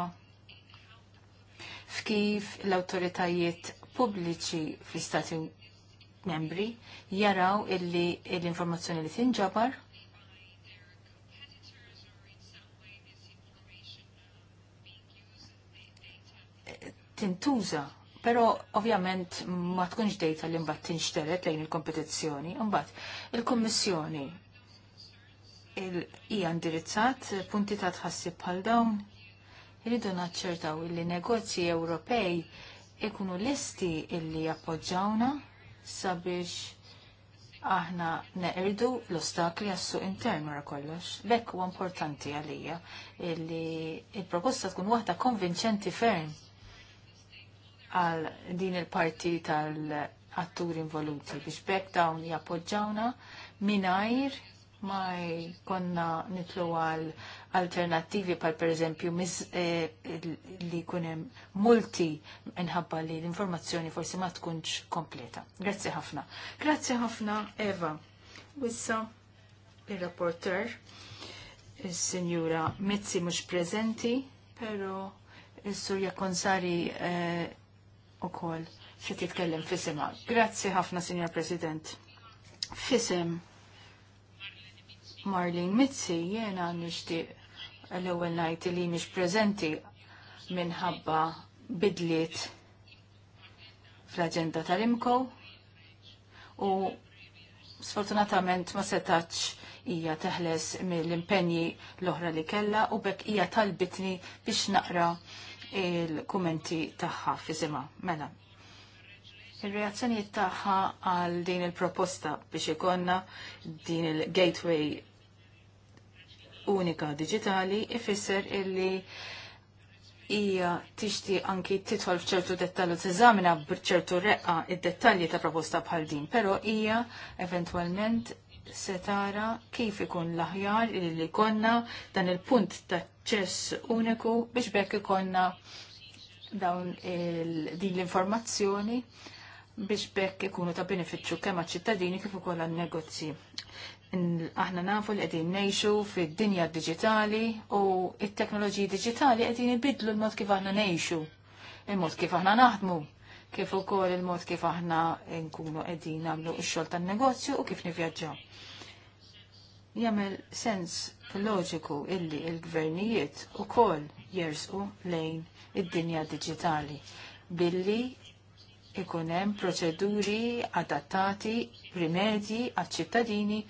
S1: f'kif l-awtoritajiet pubbliċi fl-Istati membri jaraw illi l-informazzjoni li tinġabar tintuża, però ovvjament ma tkunx dejta li mbagħad tinxteret lejn il-kompetizzjoni. Mbagħad il-Kummissjoni hija indirizzat punti ta' tħassib bħal dawn irridu naċċertaw li negozji Ewropej ikunu listi illi jappoġġawna sabiex aħna neqirdu l-ostakli għassu intern wara kollox. Bekk huwa importanti għalija illi il-proposta tkun waħda konvinċenti ferm għal din il-parti tal-atturi involuti biex bekk dawn jappoġġawna minajr ma jkonna nitlu għal alternattivi pal per eżempju eh, li kunem multi nħabba li l-informazzjoni forsi ma tkunx kompleta. Grazzi ħafna. Grazzi ħafna Eva. Wissa il-rapporter, il-senjura Mezzi mux prezenti, pero il-surja konsari eh, u kol xe titkellem fissima. Grazzi ħafna, senjura President. Fissim. Marlene Mizzi jena nishtiq l-ewel najt li mish prezenti minħabba bidliet fl-agenda tal-imko u sfortunatament ma setax hija teħles mill-impenji l-oħra li kella u bekk hija talbitni biex naqra il-kumenti tagħha fiżima. Mela. Il-reazzjonijiet tagħha għal din il-proposta biex ikonna din il-gateway unika digitali ifisser illi hija tixti anki titħol f'ċertu dettalju t-zamina b'ċertu reqqa id-dettalji ta' proposta bħal din, però hija eventwalment se tara kif ikun l-aħjar konna dan il-punt ta' ċess uniku biex bekk ikonna dawn din l-informazzjoni biex bekk ikunu ta' beneficju kemm ċittadini kif ukoll għan-negozji aħna nafu li qegħdin ngħixu fid-dinja digitali u it-teknoloġiji digitali qegħdin ibidlu l-mod kif aħna ngħixu, il-mod kif aħna naħdmu, kif ukoll il-mod kif aħna nkunu qegħdin nagħmlu x-xogħol tan-negozju u kif nivvjaġġaw. Jagħmel sens loġiku illi l-gvernijiet ukoll jersqu lejn id-dinja digitali billi ikun hemm proċeduri adattati, rimedji għaċ-ċittadini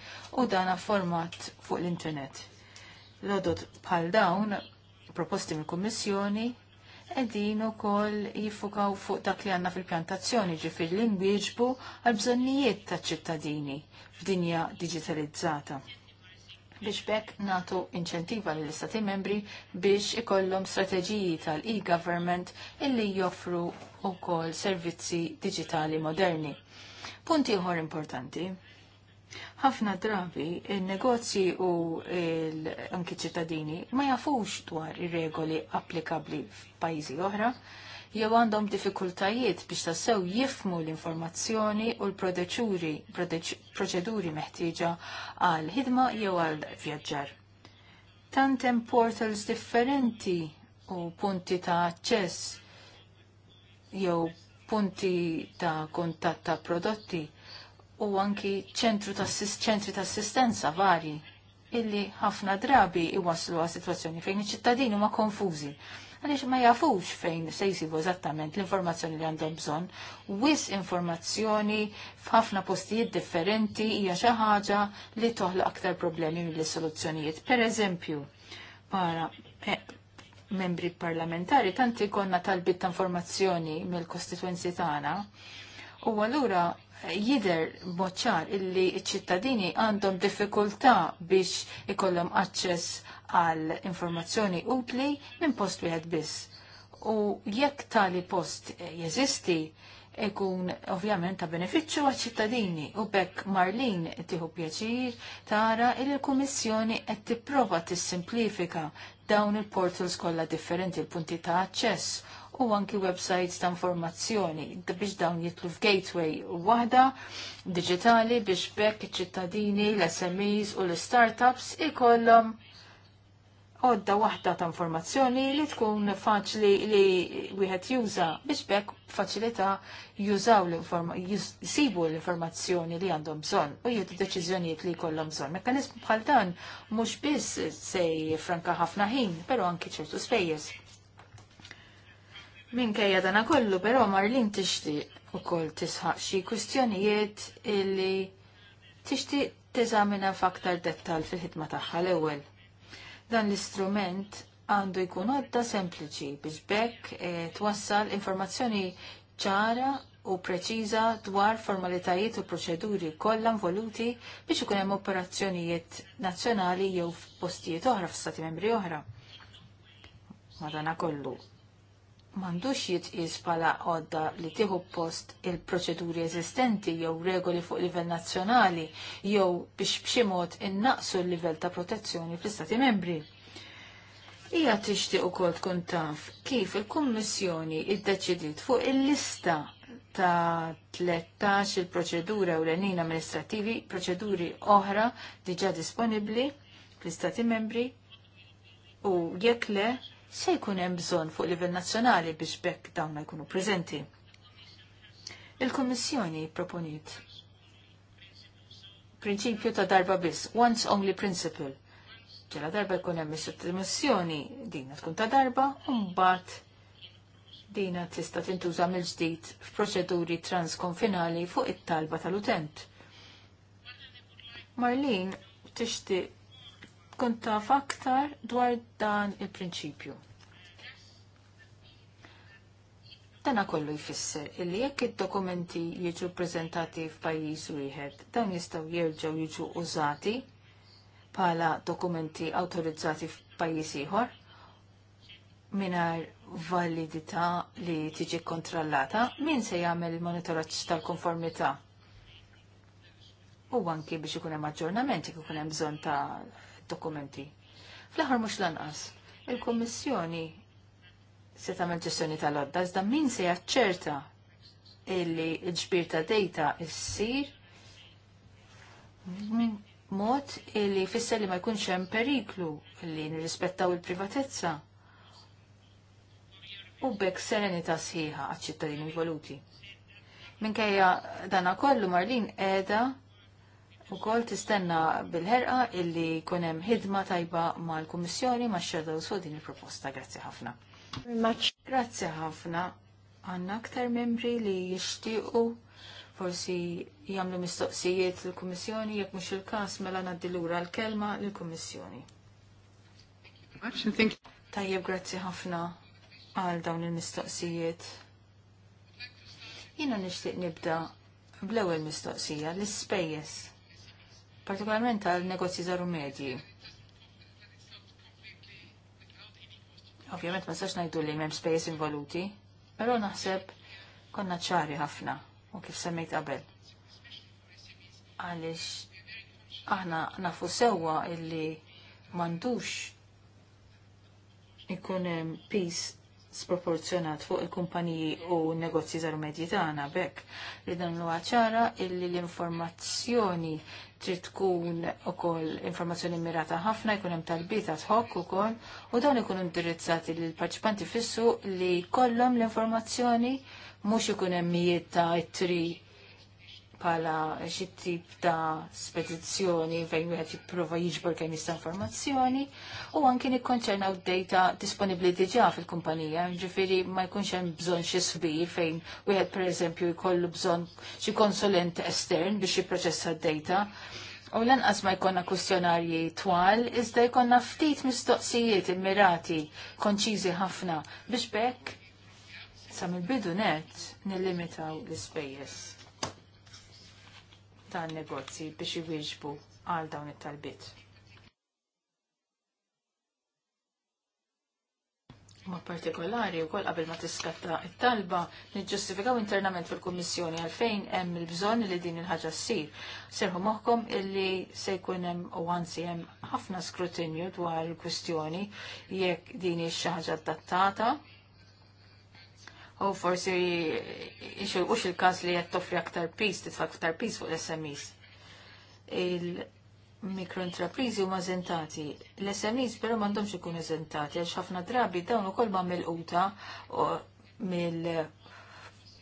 S1: u dan format fuq l-internet. Lodot bħal dawn proposti mill-Kummissjoni qegħdin ukoll jifukaw fuq dak li għandna fil-pjantazzjoni ġifier li nwieġbu għal bżonnijiet taċ-ċittadini f'dinja digitalizzata biex bekk natu inċentiva l istati membri biex ikollhom strateġiji tal-e-government illi joffru wkoll servizzi digitali moderni. Punti ieħor importanti. Ħafna drabi il-negozji u l anki ċittadini ma jafux dwar ir-regoli applikabli f'pajjiżi oħra jew għandhom diffikultajiet biex tassew jifmu l-informazzjoni u l-proċeduri proċeduri meħtieġa għal ħidma jew għal vjaġġar. Tantem portals differenti u punti ta' aċċess jew punti ta' kontatt ta' prodotti u anki ċentru ta' ċentri ta' assistenza vari illi ħafna drabi iwaslu għas situazzjoni fejn iċ-ċittadini huma konfużi għaliex ma jafux fejn se jisibu eżattament l-informazzjoni li għandhom bżonn. Wis informazzjoni f'ħafna postijiet differenti hija xi ħaġa li toħloq aktar problemi mill-soluzzjonijiet. Per eżempju, para eh, membri parlamentari tanti konna talbit ta' informazzjoni mill-kostituenzi tagħna. U allura jider boċċar illi ċittadini għandhom diffikultà biex ikollhom aċċess għal informazzjoni utli minn post wieħed biss. U jekk tali post jeżisti, ikun ovvjament ta' beneficju għal ċittadini u bekk Marlin tieħu pjaċir tara il l-Kummissjoni qed tipprova tissimplifika dawn il-portals kollha differenti l-punti ta' aċċess u anki websites ta' informazzjoni biex dawn jitlu f'gateway waħda digitali biex bekk iċ-ċittadini, l-SMEs u l-startups ikollhom għodda waħda ta' informazzjoni li tkun faċli li wieħed juża biex bekk faċilità jużaw l-informazzjoni, jisibu l-informazzjoni li għandhom bżonn u jieħdu deċiżjonijiet li jkollhom bżonn. Mekkaniżm bħal dan mhux biss se franka ħafna ħin, però anki ċertu spejjeż. Minkejja dana kollu, però Marlin tixtieq ukoll tisħaq xi kwistjonijiet illi tixtieq teżamina f'aktar dettall fil-ħidma tagħha l-ewwel Dan l-istrument għandu jkun għadda sempliċi biex bekk e, twassal informazzjoni ċara u preċiża dwar formalitajiet u proċeduri kollha involuti biex ikun hemm operazzjonijiet nazzjonali jew f'postijiet oħra f'stati membri oħra. Madana kollu, mandux jitqis bħala għodda li tieħu post il-proċeduri eżistenti jew regoli fuq livell nazzjonali jew biex b'xi mod innaqsu l-livell ta' protezzjoni fl-Istati membri. Hija tixtieq ukoll tkun taf kif il-Kummissjoni iddeċidiet fuq il-lista ta' 13 il-proċedura u l-enin amministrativi, proċeduri oħra diġà disponibbli fl-Istati membri u jekk le se jkun hemm bżonn fuq livell nazzjonali biex bekk dawn ma jkunu preżenti. Il-Kummissjoni proponiet prinċipju ta' darba biss, once only principle. Ġela darba jkun hemm is-sottomissjoni dina tkun ta' darba u mbagħad dina tista' tintuża mill-ġdid f'proċeduri transkonfinali fuq it-talba tal-utent. Marlin tixtieq kont taf aktar dwar dan il-prinċipju. Dana kollu jfisser illi jekk id-dokumenti jiġu prezentati f'pajjiż wieħed, dan jistgħu jerġgħu jiġu użati bħala dokumenti awtorizzati f'pajjiż ieħor mingħajr validità li tiġi kontrollata, min se jagħmel monitoraġġ tal-konformità? U anki biex ikun hemm aġġornamenti kif ikun hemm bżonn ta' dokumenti. Fl-aħħar mhux lanqas, il-Kummissjoni se tagħmel ġestjoni tal għadda iżda min se jaċċerta illi l-ġbir ta' data issir mod illi fisser li ma jkunx hemm periklu li nirrispettaw il-privatezza u bekk serenità sħiħa għaċ-ċittadini involuti. Minkejja dana kollu Marlin qiegħda u kol tistenna bil-ħerqa illi kunem ħidma tajba mal-Kummissjoni ma' xedaw u din il-proposta. Grazzi ħafna. Grazzi ħafna. Għanna aktar membri li jishtiqu forsi jamlu mistoqsijiet l-Kummissjoni jekk mhux il-każ mela naddilura l-kelma l-Kummissjoni. Tajjeb grazzi ħafna għal dawn il-mistoqsijiet. Jiena nixtieq nibda bl-ewwel mistoqsija l-ispejjeż partikolarment għal negozji zaru medji. Ovvijament, ma sax najdu li mem space involuti, pero naħseb konna ċari ħafna u kif semmejt qabel. Għalix aħna nafu sewa illi mandux ikun peace sproporzjonat fuq il-kumpaniji u negozji zaru medji tagħna bekk li dan huwa ċara illi l-informazzjoni trid tkun ukoll informazzjoni mirata ħafna jkun hemm talbita tħokk ukoll u dawn ikunu indirizzati lil parċipanti fissu li kollhom l-informazzjoni mhux ikun hemm mijiet ta' tri pala xi tip ta' spedizzjoni fejn wieħed jipprova jiġbor kemm jista' informazzjoni u anke nikkonċernaw data disponibbli diġa fil-kumpanija, ġifiri ma jkunx hemm bżonn xi sbir fejn wieħed pereżempju jkollu bżonn xi konsulent estern biex jipproċessa d-data. U lanqas ma jkollna kustjonarji twal, iżda jkollna ftit mistoqsijiet immirati, konċiżi ħafna biex bekk sa mill-bidu net nillimitaw l-ispejjeż tan negozji biex iwieġbu għal dawn it-talbiet. Ma partikolari u kol qabel ma tiskatta it-talba niġġustifikaw internament fil-Kummissjoni għalfejn hemm il-bżonn li din il-ħaġa ssir. Serħu moħħkom illi se jkun hemm u anzi hemm ħafna skrutinju dwar il-kwistjoni jekk din hix xi ħaġa adattata u forsi ix il-kas li qed toffri aktar pis, titfa' aktar pis fuq l-SMEs. Il-mikroentreprizi huma mażentati. L-SMEs però m'għandhomx ikun eżentati għax ħafna drabi dawn ukoll ma' mill-quta mill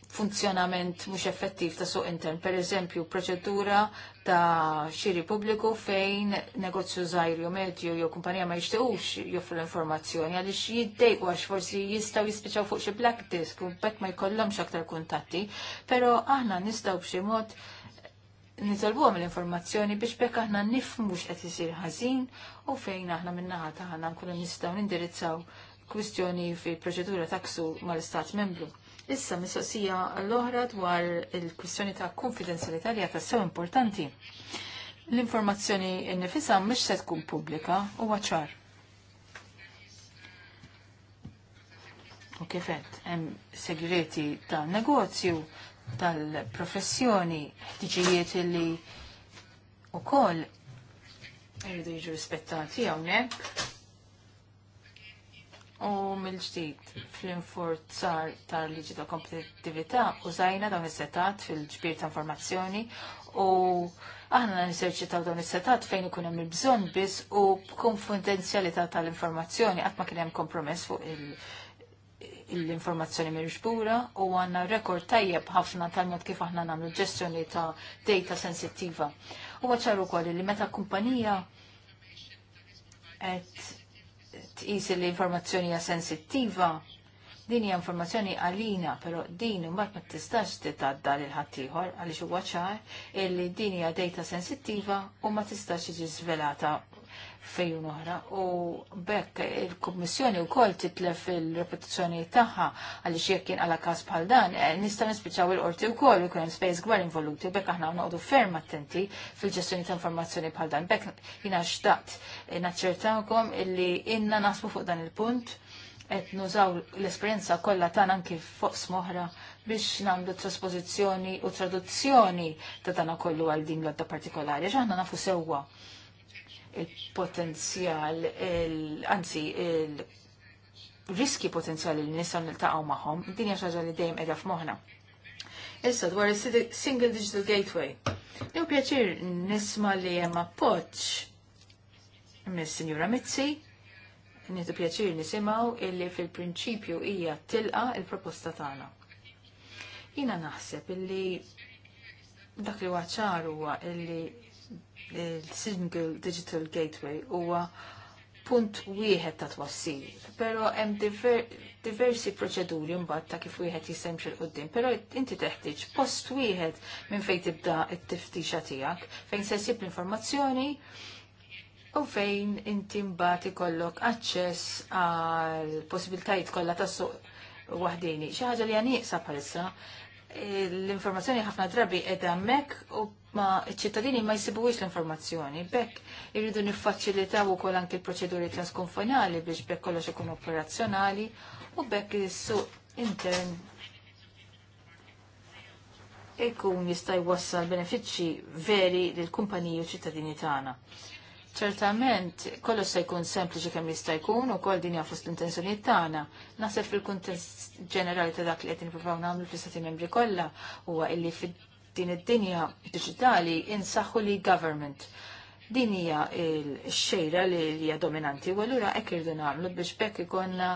S1: funzjonament mhux effettiv ta' suq intern. Per eżempju, proċedura ta' xiri pubbliku fejn negozju żgħir jew medju jew kumpanija ma jixtiequx joffru l-informazzjoni għaliex jiddejqu għax forsi jistgħu jispiċċaw fuq xi black disk u bekk ma jkollhomx aktar kuntatti, però aħna nistgħu b'xi mod nitolbuhom l-informazzjoni biex bekk aħna nifhmux qed isir ħażin u fejn aħna minnaħa taħna nkunu nistgħu nindirizzaw kwistjoni fi proċedura taksu mal-Istat membru. Issa mistoqsija l-oħra dwar il-kwistjoni ta' konfidenzjalità li għata sew importanti. L-informazzjoni nifisa mhix se tkun pubblika u ċar. U kifet, hemm segreti tal negozju, tal-professjoni, ħtiġijiet li u koll irridu jiġu rispettati hawnhekk u mill-ġdid fl-infurzar tal-liġi ta' u zajna dawn is-setat fil-ġbir ta' informazzjoni u aħna ta' dawn is-setat fejn ikun hemm il-bżonn biss u konfidenzjalità tal-informazzjoni qatt ma kien hemm kompromess fuq l-informazzjoni mirġbura u għanna rekord tajjeb ħafna tal-mod kif aħna nagħmlu ġestjoni ta' data sensittiva. U għacċar ukoll li meta kumpanija qed Tqisi li informazzjoni hija sensittiva, din hija informazzjoni għalina, però din imbagħad ma tistax titgħadda lil ħaddieħor għaliex huwa ċar illi din hija data sensittiva u ma tistax tiġi żvelata fejn oħra u bekk il-Kummissjoni wkoll titlef il-repetizzjoni tagħha għaliex jekk kien għala każ bħal dan eh, nista' nispiċċaw il-qorti wkoll ikun hemm space gwar involuti bekk aħna noqogħdu ferm attenti fil-ġestjoni ta' informazzjoni bħal dan. Bekk jiena xtaqt naċċertawkom illi inna nasbu fuq dan il-punt qed nużaw l-esperjenza kollha tagħna anke fuq smoħra biex nagħmlu traspożizzjoni u traduzzjoni ta' dana kollu għal din l għadda partikolari, ġaħna nafu sewwa il-potenzjal, il anzi il-riski potenzjali li nisaw nil-taqaw maħom, dinja xaġa li dejjem edha f'moħna. Issa dwar il-Single Digital Gateway. Jew pjaċir nisma li hemm appoġġ mis-Sinjura Mizzi, Nitu pjaċir nisimaw illi fil-prinċipju hija tilqa il-proposta tagħna. Jina naħseb illi dak li ċar huwa illi il-Single Digital Gateway huwa punt wieħed ta' twassil, pero hemm diver, diversi proċeduri mbagħad ta' kif wieħed jisemx il qudiem però inti teħtieġ post wieħed minn fejn tibda t-tiftixa tiegħek, fejn se ssib l-informazzjoni u fejn inti mbagħad ikollok aċċess għal possibiltajiet kollha tas-suq waħdini. Xi ħaġa li hija nieqsa bħalissa l-informazzjoni ħafna drabi edha mek u ma ċittadini ma jisibuwix l-informazzjoni. Bekk irridu niffaċilitaw ukoll anki l-proċeduri transkonfinali biex bekk kollox ikun operazzjonali u bekk is-suq intern ikun jista' jwassal benefiċċji veri l kumpaniji ċittadini tagħna ċertament kollox se jkun sempliċi kemm jista' jkun ukoll din fost l-intenzjonijiet tagħna. Naħseb fil-kuntest ġenerali ta' dak li qed nippruvaw nagħmlu fl-istati membri kollha huwa illi fid-din id-dinja diġitali insaħħu li government. Din hija l-xejra li hija dominanti u allura hekk irdu nagħmlu biex bekk ikollna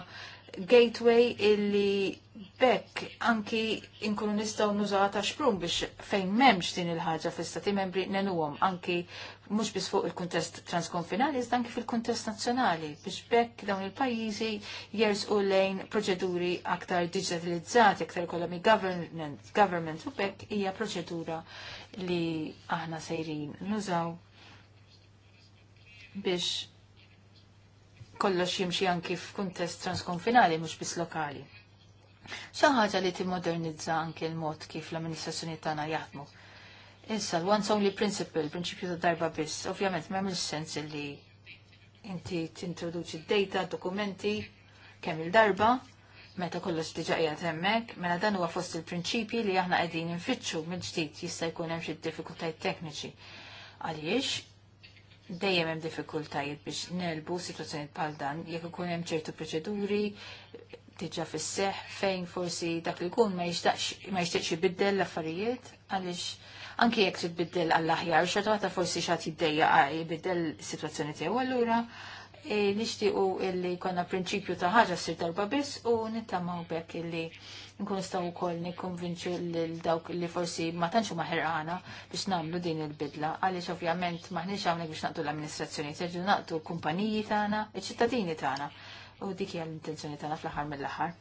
S1: gateway illi bekk anki inkunu nistaw nużaw ta' xprum biex fejn memx din il-ħaġa fl-istati membri nenuwom anki mhux biss fuq il-kuntest transkonfinali iżda anki fil kontest nazzjonali biex bekk dawn il-pajjiżi u lejn proċeduri aktar digitalizzati, aktar ekonomi government, government u bekk hija proċedura li aħna sejrin nużaw biex kollox jimxi anki f'kuntest transkonfinali mhux biss lokali. Xi ħaġa li timmodernizza anki l-mod kif l-amministrazzjoni tagħna jaħdmu. Issa l-once only principle, prinċipju ta' darba biss, ovvjament m'hemmx sens li inti tintroduċi d-data, dokumenti, kemm il-darba, meta kollox diġa qiegħed hemmhekk, mela dan huwa fost il-prinċipji li aħna qegħdin infittxu mill-ġdid jista' jkun hemm xi diffikultajiet tekniċi. Għaliex dejjem hemm diffikultajiet biex nelbu situazzjonijiet bħal dan jekk ikun hemm ċertu proċeduri tiġa fis-seħ fejn forsi dak li jkun ma jixtieqx ibiddel l-affarijiet għaliex anke jekk tibiddel għall-aħjar xorta forsi xagħat jiddejja jibiddel is-sitwazzjoni tiegħu allura eh, nixtiequ illi konna prinċipju ta' ħaġa ssir darba biss u nittamaw bekk illi nkun staw ukoll nikkonvinċu lil dawk li forsi ma tantx huma ħerqana biex nagħmlu din il-bidla għaliex ovvjament maħniex hawnhekk biex naqtu l-amministrazzjoni, seġu naqtu kumpaniji tagħna, iċ-ċittadini tagħna. U dik hija l-intenzjoni tagħna fl-aħħar mill-aħħar.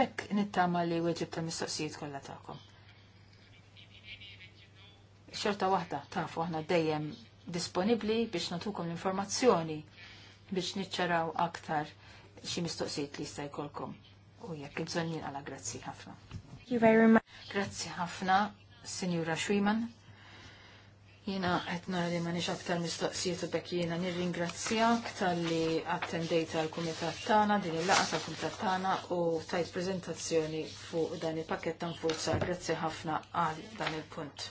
S1: Bekk nittama li weġib tal-mistoqsijiet kollha tagħkom. Xorta waħda, tafu aħna dejjem disponibbli biex natukom l-informazzjoni biex niċċaraw aktar xi mistoqsijiet li jista' jkollkom u jekk il għala jinqala grazzi ħafna. Grazzi ħafna, Sinjura Schwiman. Jena għetna li ma nix aktar mistoqsijiet u bekk jena nir-ringrazzjak tal-li attendejta l-Kumitat tana, din il-laqa tal-Kumitat tana u tajt prezentazzjoni fuq dan il-pakket tan forza. Grazzi ħafna għal dan il-punt.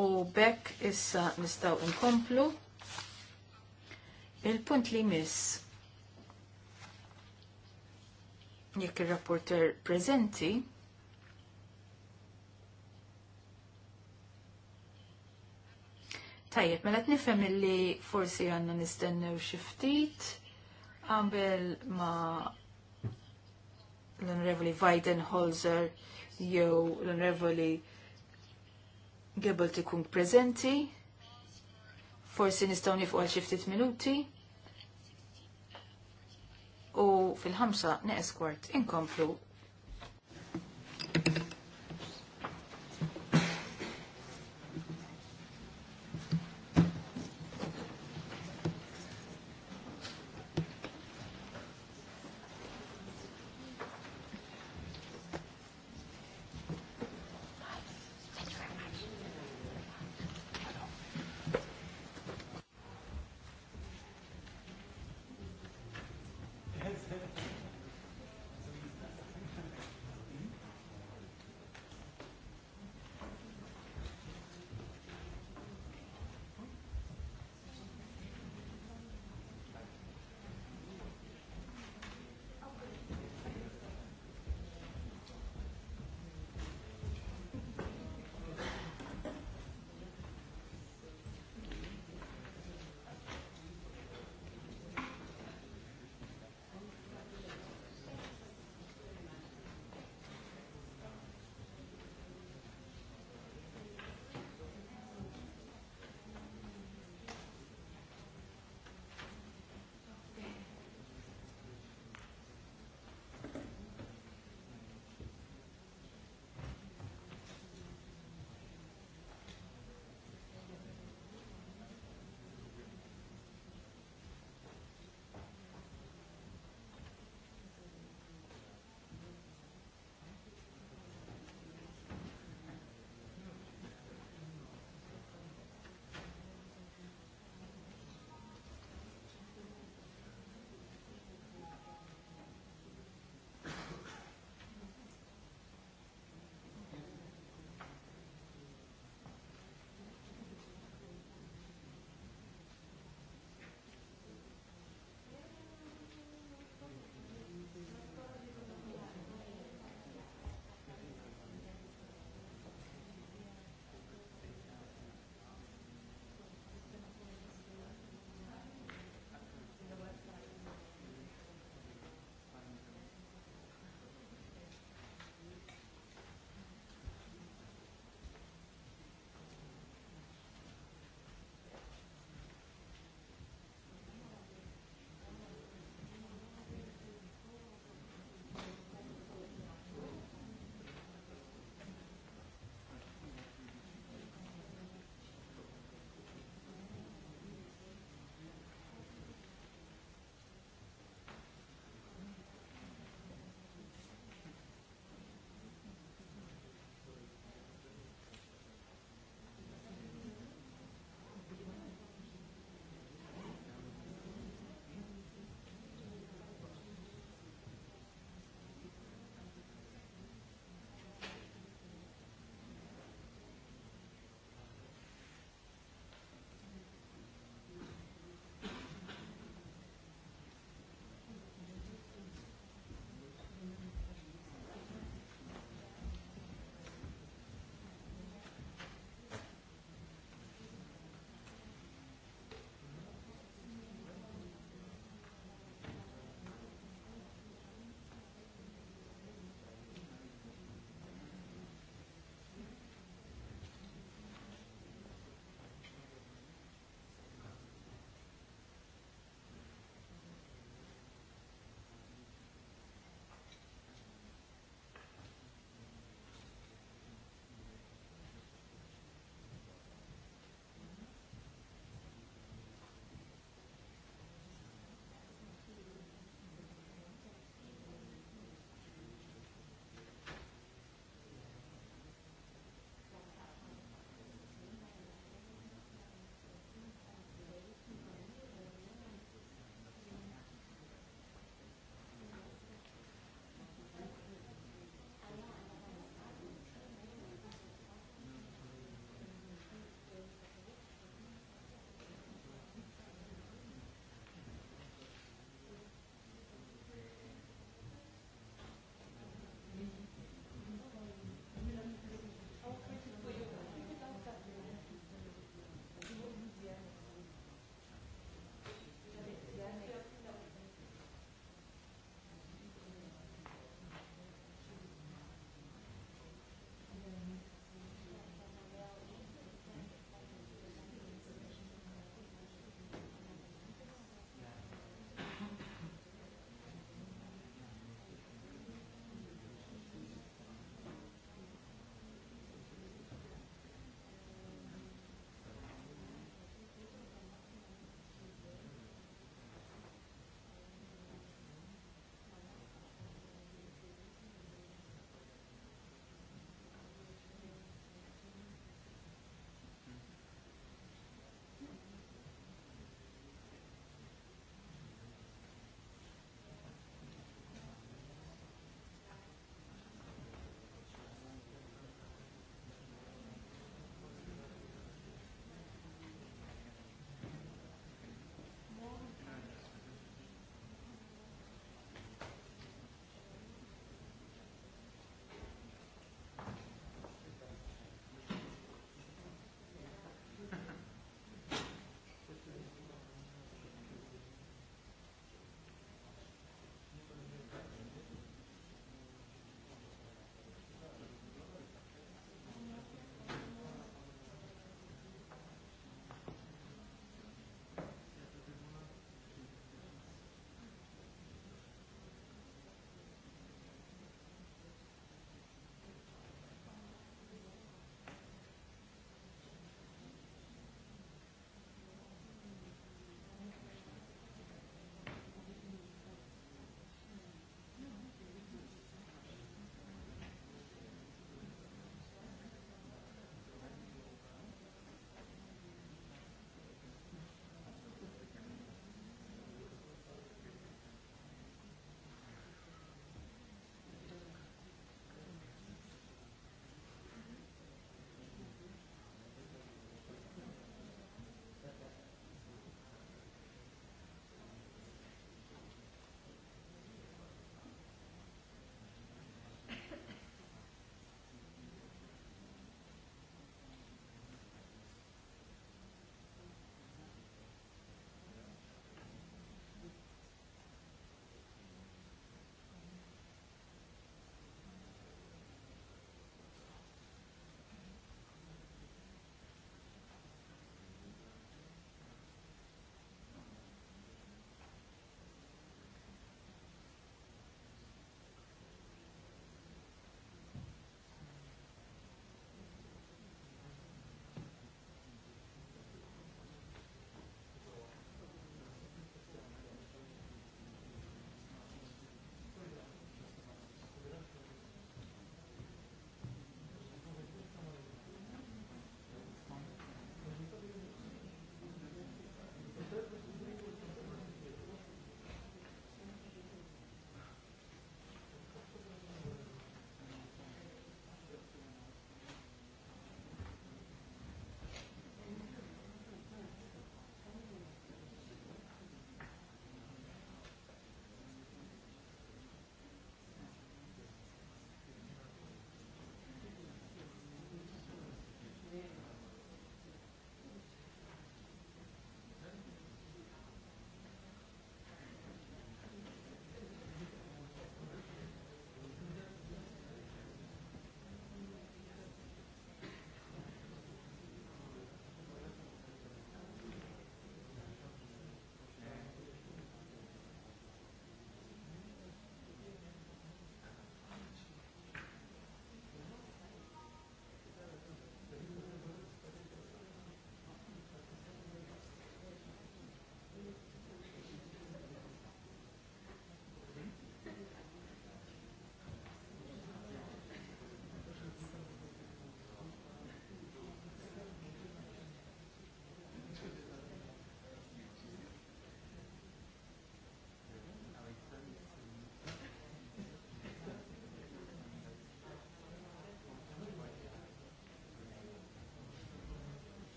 S1: U bekk issa nistaw inkomplu. Il-punt li miss jekk ir-rapporter preżenti Tajjeb, mela qed nifhem illi forsi għandna nistennew xi ftit qabel ma l-Onorevoli Holzer jew l-Onorevoli Gebel tikun preżenti. Forsi nistgħu nifqgħu għal xi ftit minuti u fil-ħamsa neqes kwart inkomplu.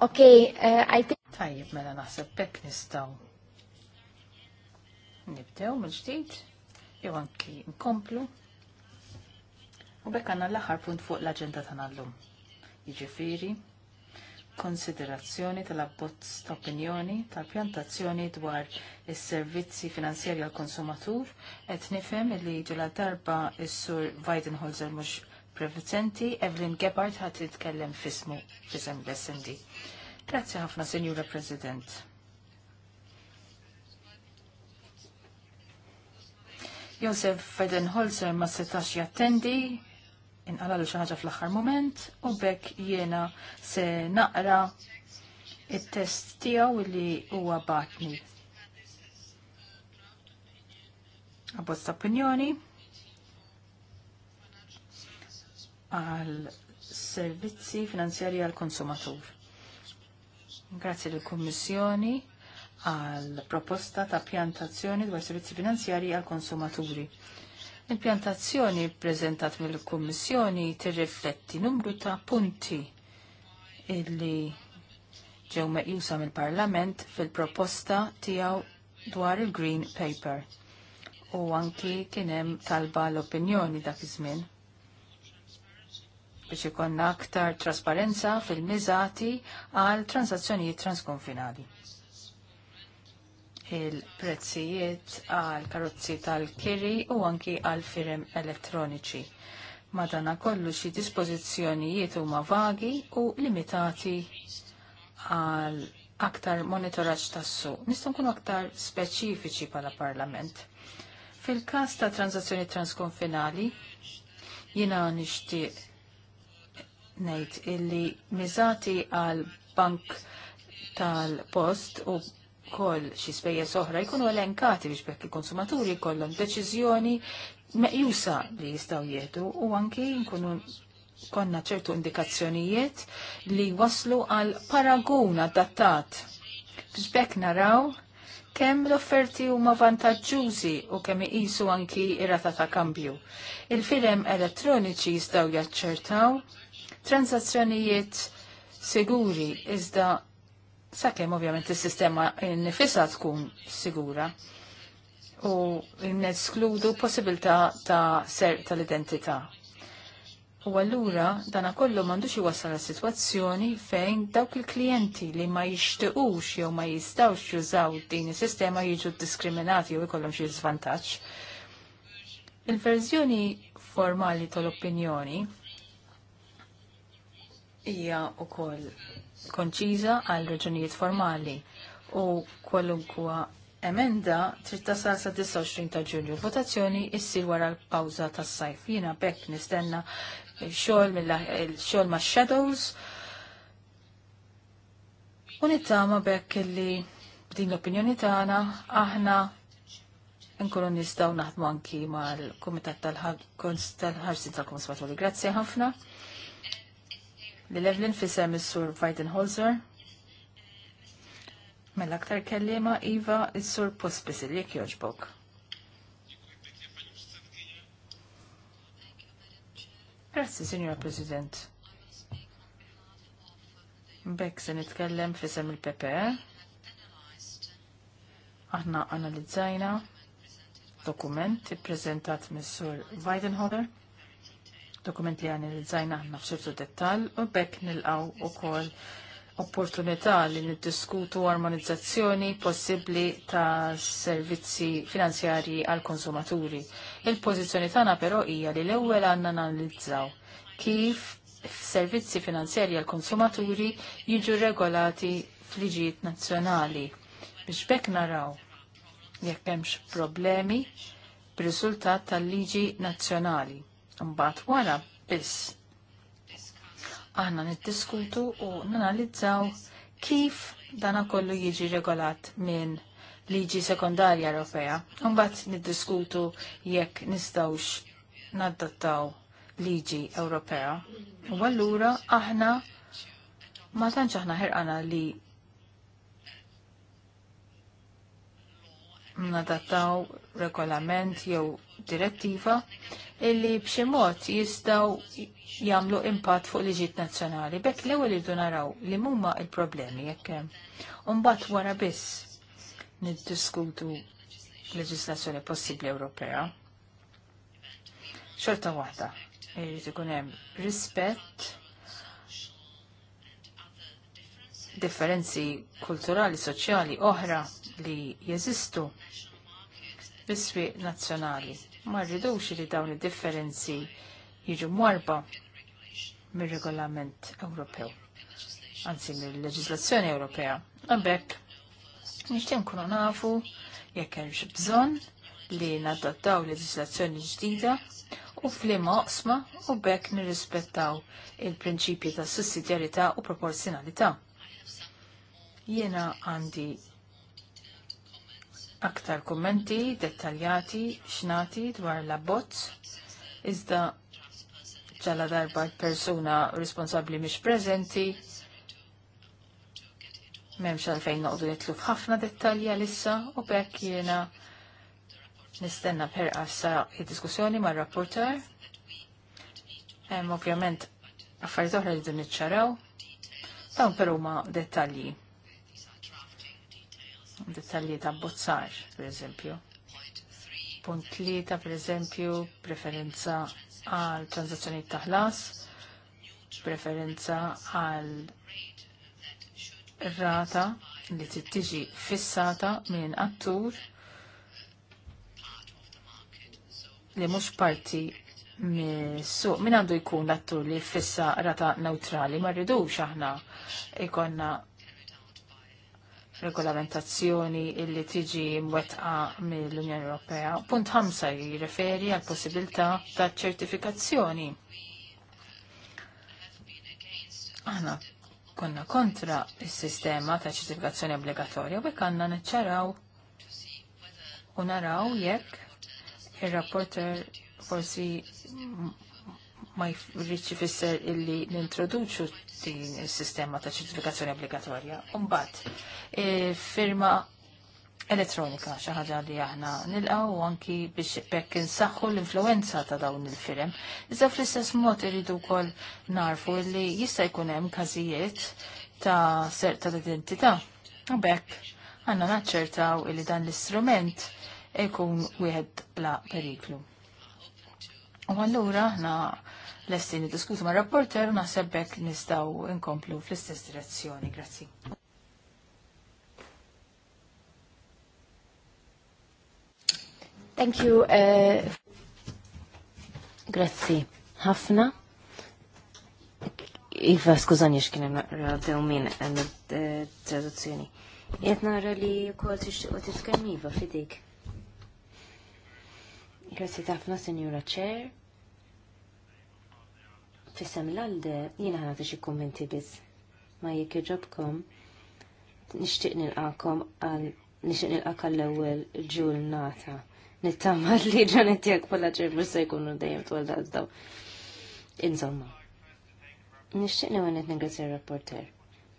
S1: Okay, uh, I think... Tajjeb, mela naħseb pek nistaw. Nibdew mill-ġdid, jew anki nkomplu. U bekk għanna l-aħħar punt fuq l-aġenda tagħna llum. Jiġifieri, konsiderazzjoni tal-abbozz ta' opinjoni tal-pjantazzjoni dwar is-servizzi finanzjeri għal konsumatur qed nifhem li ġela darba is-sur Weidenholzer mhux prezenti Evelyn Gebhardt ħat titkellem fismu fisem l-SND. Grazzi ħafna, Signora President. Josef Fedenholzer ma setax jattendi, inqala l ħaġa fl-axar moment, u bekk jiena se naqra il-test tijaw li huwa batni. Abbozz opinjoni. għal servizzi finanzjari għal konsumatur. Grazie l kommissjoni għal proposta ta' pjantazzjoni dwar servizzi finanzjari għal konsumaturi. Il-pjantazzjoni prezentat mill-Kommissjoni tirrifletti numru ta' punti illi ġew meqjusa mill-Parlament fil-proposta tiegħu dwar il-Green Paper. U anki kien hemm talba l-opinjoni dak iż-żmien biex ikonna aktar trasparenza fil mizati għal transazzjonijiet transkonfinali. Il-prezzijiet għal karozzi tal-kiri u anki għal firem elettroniċi. Madana kollu xi dispożizzjonijiet huma vagi u limitati għal aktar monitoraġġ tas-suq. Nistgħu nkunu aktar speċifiċi bħala Parlament. Fil-każ ta' transazzjoni transkonfinali, jina nixtieq ngħid illi miżati għal bank tal-post u koll xi spejjeż oħra jkunu elenkati biex bekk il-konsumaturi kollhom deċiżjoni meqjusa li jistgħu jietu u anki nkunu konna ċertu indikazzjonijiet li waslu għal paragun adattat biex bekk naraw kemm l-offerti huma vantaġġużi u kemm iqisu anki ir-rata ta' kambju. Il-firem elettroniċi jistgħu jaċċertaw transazzjonijiet siguri iżda sakemm ovvjament is-sistema nifisha tkun sigura u neskludu possibilità ta' ser tal-identità. U allura dana kollu m'għandux iwassal situazzjoni fejn dawk il-klijenti li ma jixtiqux jew ma jistawx jużaw din is-sistema jiġu diskriminati jew ikollhom xi żvantaġġ. Il-verżjoni formali tal-opinjoni hija wkoll konċiża għal raġunijiet formali u kwalunkwa emenda trid tasal sa 29 ta' Ġunju. Votazzjoni issir wara l-pawża tas-sajf. Jiena bekk nistenna xogħol mill-xogħol ma' shadows u nittama bekk li b'din l-opinjoni tagħna aħna nkunu nistgħu naħdmu anki mal-Kumitat tal-Ħarsin tal konservatori Grazzi ħafna l-Evelyn fissem il-sur Weidenholzer. Mela aktar kellima Iva il-sur Pospisil, jek joġbok. Grazie, Signora President. Bek se nitkellem fissem il-PPE. Aħna analizzajna dokument ippreżentat mis-sur Weidenholzer dokument li għani l-żajn aħna f'ċertu dettal u bekk nil-għaw u kol opportunità li niddiskutu armonizzazzjoni possibli ta' servizzi finanzjarji għal konsumaturi. Il-pozizjoni tagħna però hija li l-ewwel għandna analizzaw kif servizzi finanzjarji għal konsumaturi jiġu regolati f'liġijiet nazzjonali biex bekk naraw jekk hemmx problemi b'riżultat tal-liġi nazzjonali. Mbagħad wara biss aħna niddiskutu u nanalizzaw kif dana kollu jiġi regolat minn liġi sekundarja Ewropea. Mbagħad niddiskutu jekk nistgħux naddattaw liġi Ewropea. U allura aħna ma tantx aħna ħerqana li nadattaw regolament jew direttiva illi b'xi mod jistgħu jagħmlu impatt fuq liġijiet nazzjonali. Bekk l-ewwel irdu naraw li mumma l-problemi jekk hemm. wara biss niddiskutu leġislazzjoni possibbli Ewropea. Xorta waħda irid ikun hemm rispett differenzi kulturali, soċjali oħra li jeżistu bis swieq nazzjonali ma rridux li dawn id-differenzi jiġu morba mir-regolament Ewropew, anzi mill-leġislazzjoni Ewropea. Għabek, nishtem kunu nafu jekk hemmx bżonn li nadottaw leġislazzjoni ġdida u f'liema oqsma u bekk nirrispettaw il-prinċipji ta' sussidjarità u proporzjonalità. Jiena għandi aktar kummenti dettaljati xnati dwar l-abbozz, iżda ċala darba persuna responsabli mhix prezenti. memx għalfejn noqdu jitlu f'ħafna dettalji għalissa u bekk jiena nistenna perqassa id-diskussjoni mar rapporter Hemm ovvjament affarijiet oħra li dun iċċaraw, dawn però huma dettalji dettalji ta' bozzar, per eżempju. Punt tlieta, per eżempju, preferenza għal transazzjoni ta' ħlas, preferenza għal rata li tiġi fissata minn attur li mhux parti Missu, min għandu jkun l-attur li fissa rata neutrali, ma rridux aħna ikonna regolamentazzjoni illi tiġi mwetqa mill-Unjoni Ewropea. Punt 5 jirreferi għal possibilità ta' ċertifikazzjoni. Aħna konna kontra is sistema ta' ċertifikazzjoni obbligatorja u għanna għandna u naraw jekk ir rapporter forsi ma jridx ifisser illi nintroduċu din is-sistema ta' ċertifikazzjoni obbligatorja. Mbagħad e, firma elettronika xi ħaġa li aħna nilqgħu anki biex bekk insaħħu l-influenza ta' dawn il-firem. Iżda fl-istess mod irridu wkoll narfu li jista' jkun hemm każijiet ta' serta ta' identità. U bekk għanna naċċertaw li dan l-istrument ikun wieħed bla periklu. U allura aħna l-essini diskutu ma' rapporter ma' sebbek nistaw inkomplu fl-istess direzzjoni. Grazzi. Thank you.
S3: Uh... Grazzi. Ħafna. Iva, skużani xkien naqra minn għan eh, traduzzjoni. Jett nara li kol tixtiqo titkellem Iva fidik. Grazzi tafna, Senjura Chair fissem l-għalde jina ħana xi kummenti biz. Ma jek jġobkom, nishtiq nil-għakom għal nishtiq nilqak għal ewwel nata Nittama li ġanet jek pala ġemur se jkunu dejjem twal daw. Insomma, nishtiq newenet ningrazzja il-rapporter.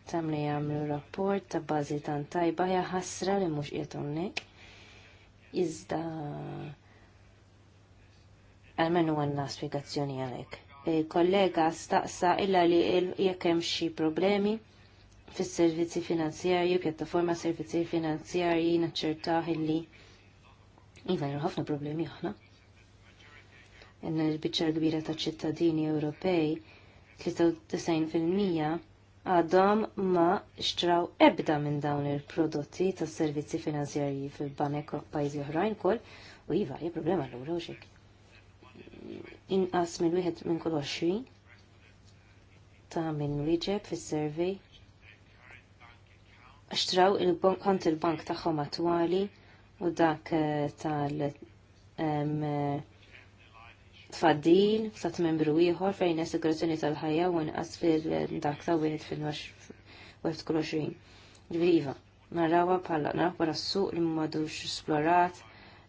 S3: Tam li jagħmlu rapport ta' bażi tan tajba ja ħasra li mhux qiegħed hawnhekk. Iżda għalmenu għanna spiegazzjoni għalek kollega staqsa illa li jekk hemm xi problemi fis-servizzi finanzjarji, pjattaforma servizzi finanzjarji naċċertaħ illi iva ħafna problemi aħna. Inna l-biċċa kbira ta' ċittadini Ewropej 93% għadhom ma xtraw ebda minn dawn il-prodotti tas servizzi finanzjarji fil-banek pajjiżi oħrajn kol u iva, hija problema l-ura u inqas minn wieħed minn kull 20 ta' minn wieġeb fis-survey xtraw il-kont il-bank tagħhom attwali u dak eh, tal eh, tfaddil sat membru ieħor fejn assigurazzjoni tal-ħajja u inqas fil-dak ta' wieħed fil 20. Ġviva, narawa pala, naraw pala s-suq li m'għadux esplorat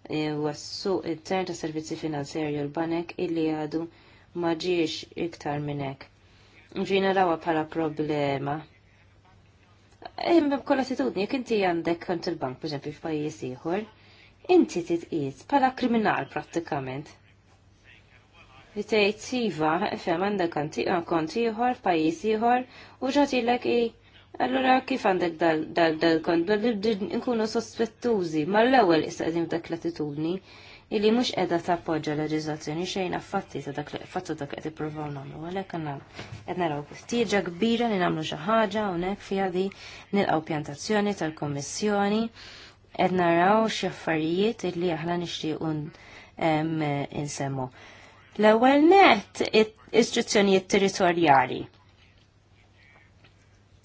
S3: E, wassu it-tern ta' servizzi finanzjarju l-banek illi għadu maġiex iktar minnek. Ġina rawa pala problema. Imma e, b'kolla attitudni, jek inti għandek kont il-bank, per esempio, f'pajjiż ieħor, inti titqis pala kriminal prattikament. Jitejt siva, fem għandek konti ieħor, f'pajjiż ieħor, u ġatilek i Allora kif għandek dal-kont, nkunu sospettużi, ma l-ewel istaqdim dak l-attitudni illi mux edha tappoġġa leġizazzjoni xejn affatti ta' dak fattu dak qed ippruvaw nagħmlu għalhekk għandna qed naraw kistieġa kbira li nagħmlu xi ħaġa hawnhekk fiha di nilqgħu pjantazzjoni tal-Kommissjoni qed naraw xi affarijiet illi aħna nixtiequ insemmu. L-ewwel net istruzzjonijiet territorjali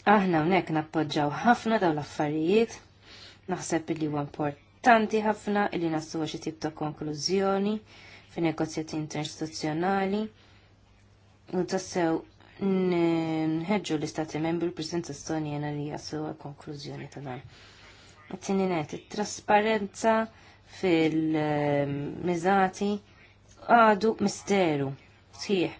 S3: Aħna hawnhekk nappoġġaw ħafna dawn l-affarijiet, naħseb li huwa importanti ħafna li nassu xi tip ta' konklużjoni fin negozjati interistituzzjonali u tassew nħedġu l-istati membri l-President jena li jasu konklużjoni ta' dan. Għattini net, trasparenza fil-mizati għadu misteru, sħiħ.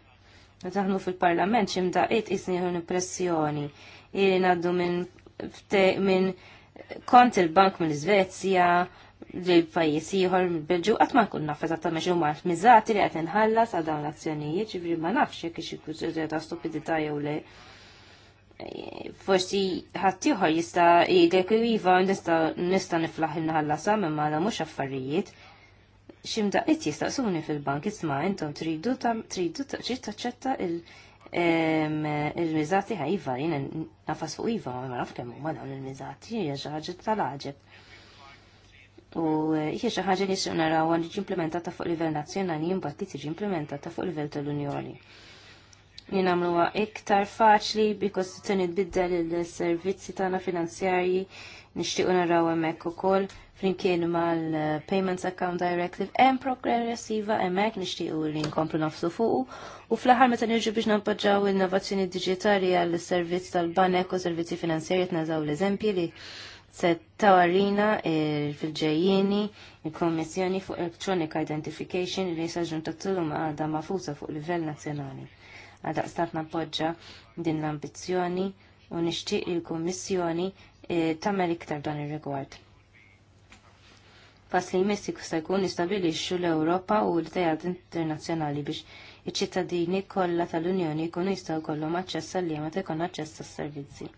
S3: Taħnu fil-parlament ximda jisniħu isniħu impressjoni Jiri naddu minn kont il-bank minn Svezja l pajis ieħor mill-Belġu qatt ma nkun naf eżattament xi huma l li qed inħallas għal dawn l-azzjonijiet, ġifri ma nafx jekk ixi kużurja ta' stupidità jew le. Forsi ħadd ieħor jista' u iva nista' niflaħ inħallasa minn la mhux affarijiet. Ximdaqqiet jistaqsuni fil-bank isma' intom tridu tridu taċċetta il- il-mizati ħaj iva, jina nafas fuq iva, ma naf kemmu huma dawn il-mizati, hija xi ħaġa tal ħagġib U jina xaħġa ħaġa li xi naraw ġi implementata fuq livell nazzjonali imbagħad li tiġi implementata fuq livell tal-Unjoni. Jien nagħmluha iktar faċli t se biddel il-servizzi tagħna finanzjarji nixtiequ naraw hemmhekk ukoll flimkien mal-Payments Account Directive hemm progressiva hemmhekk nixtiequ li nkomplu nafsu fuqu u fl-aħħar meta nirġu biex nappoġġaw innovazzjoni diġitali għall servizz tal-banek u servizzi t-nazaw l-eżempji li se tawarina fil-ġejjieni il komissjoni fuq Electronic Identification li saġun tattulum għadha mafusa fuq livell nazzjonali għadaqstat nappoġġa din l-ambizjoni u nixtieq li kummissjoni E, tagħmel iktar dan ir-rigward. Fas li jmissi kusta jkun nistabilixxu l-Ewropa u l tajad internazzjonali biex iċ-ċittadini kollha tal-Unjoni jkunu jistgħu jkollhom aċċess għal meta jkun aċċess għas-servizzi.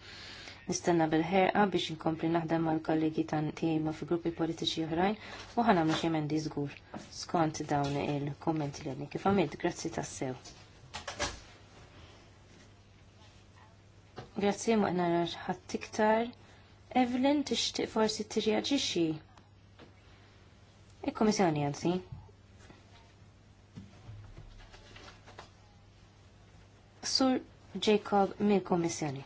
S3: Nistenna bil-ħerqa biex inkompli naħdem mal-kollegi tiegħi fi gruppi politiċi oħrajn u ħanamlu xi emendi żgur skont dawn il-kummenti li għadni kif għamilt, grazzi tassew. Grazzi ma narax ħadd iktar. Evelyn tixtieq forsi tirreaġixxi. Il-Kummissjoni anzi. Sur Jacob mill komissjoni.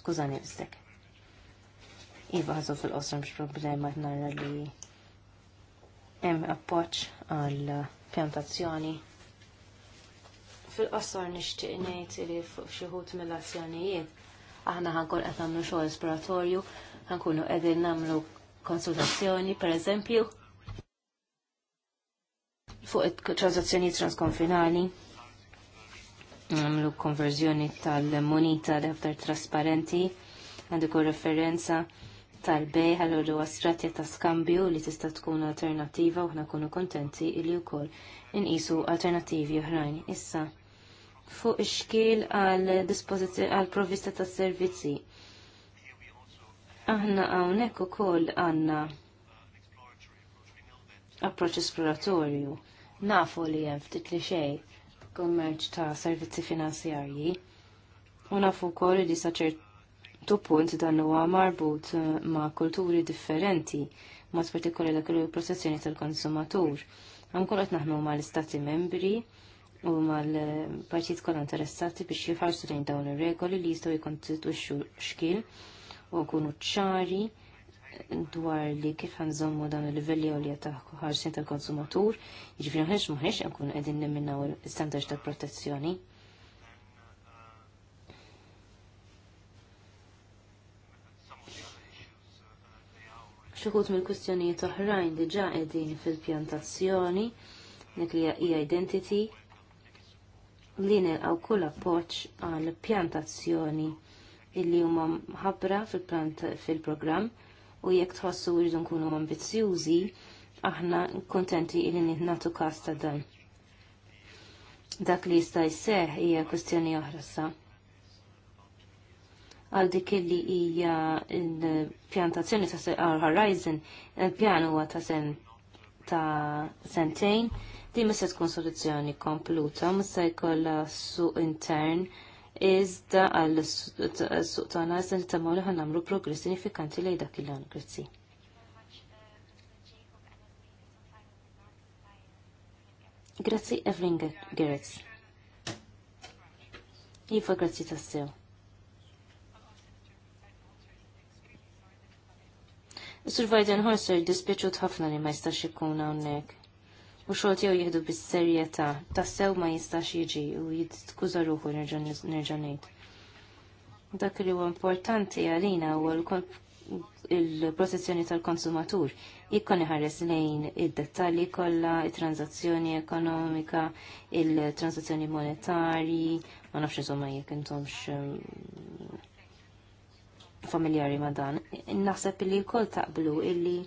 S3: Skużani bistek. Iva ħażu fil-qosra mhux problema nara li hemm appoġġ għal pjantazzjoni. Fil-qosor nixtieq ngħid li fuq xi mill-azzjonijiet aħna ħankun qed nagħmlu xogħol esploratorju ħankunu qegħdin nagħmlu konsultazzjoni, per eżempju, fuq transazzjoni transkonfinali namlu konverżjoni tal-monita li għaftar trasparenti għandu kol referenza tal-bej għallu għastratja ta' skambju li tista' tkun alternativa u ħna kunu kontenti li u kol inqisu alternativi oħrajn. Issa, fuq ixkil għal provvista ta' servizzi Aħna hawnhekk ukoll għandna approċċ esploratorju. Nafu li hemm ftit li xejn kummerċ ta' servizzi finanzjarji u nafu wkoll li sa ċertu punt dan huwa marbut ma' kulturi differenti mod partikolari dak il-protezzjoni tal-konsumatur. Ankun qed naħnu mal-istati membri u mal-partijiet kollha interessati biex jifarsu lejn dawn ir-regoli li jistgħu jikkonstitwixxu xkil u nkunu ċari dwar li kif għanżommu dan il-livelli għolja ta' ħarsin tal-konsumatur, ġifri ħiex maħiex għankun għedin nimminaw il-standards ta' protezzjoni. Xukut mill-kustjonijiet oħrajn diġa qegħdin fil-pjantazzjoni, nek li hija identity, li nilqaw kull appoġġ għal pjantazzjoni illi huma mħabbra fil-programm fil u jekk tħossu jridu nkunu ambizzjużi, aħna kontenti illi nitnatu każ ta' dan. Dak li jista' jseħ hija kwestjoni oħra sa. Għal dik illi hija l-pjantazzjoni ta' Our Horizon, il-pjan huwa ta' sen ta' sentejn, di ma se tkun soluzzjoni kompluta, ma se jkollha suq intern iżda għall-suq tagħna iżda nittamaw li namru progress sinifikanti li dak il-lan. Grazzi. Grazzi Evelyn Gerets. Iva, grazzi tassew. Is-Sur Biden ħorser dispieċut ħafna li ma jistax ikun unnek u xogħol tiegħu jieħdu bis-serjetà tassew ma jistax jiġi u jitkuża ruħu nerġa' ngħid. Dak li huwa importanti għalina huwa il-protezzjoni tal-konsumatur. Ikkon iħares lejn id-dettalji kollha, it transazzjoni ekonomika, il transazzjoni monetari, ma nafx insomma jekk intomx mm, familjari ma dan. Naħseb li kol taqblu illi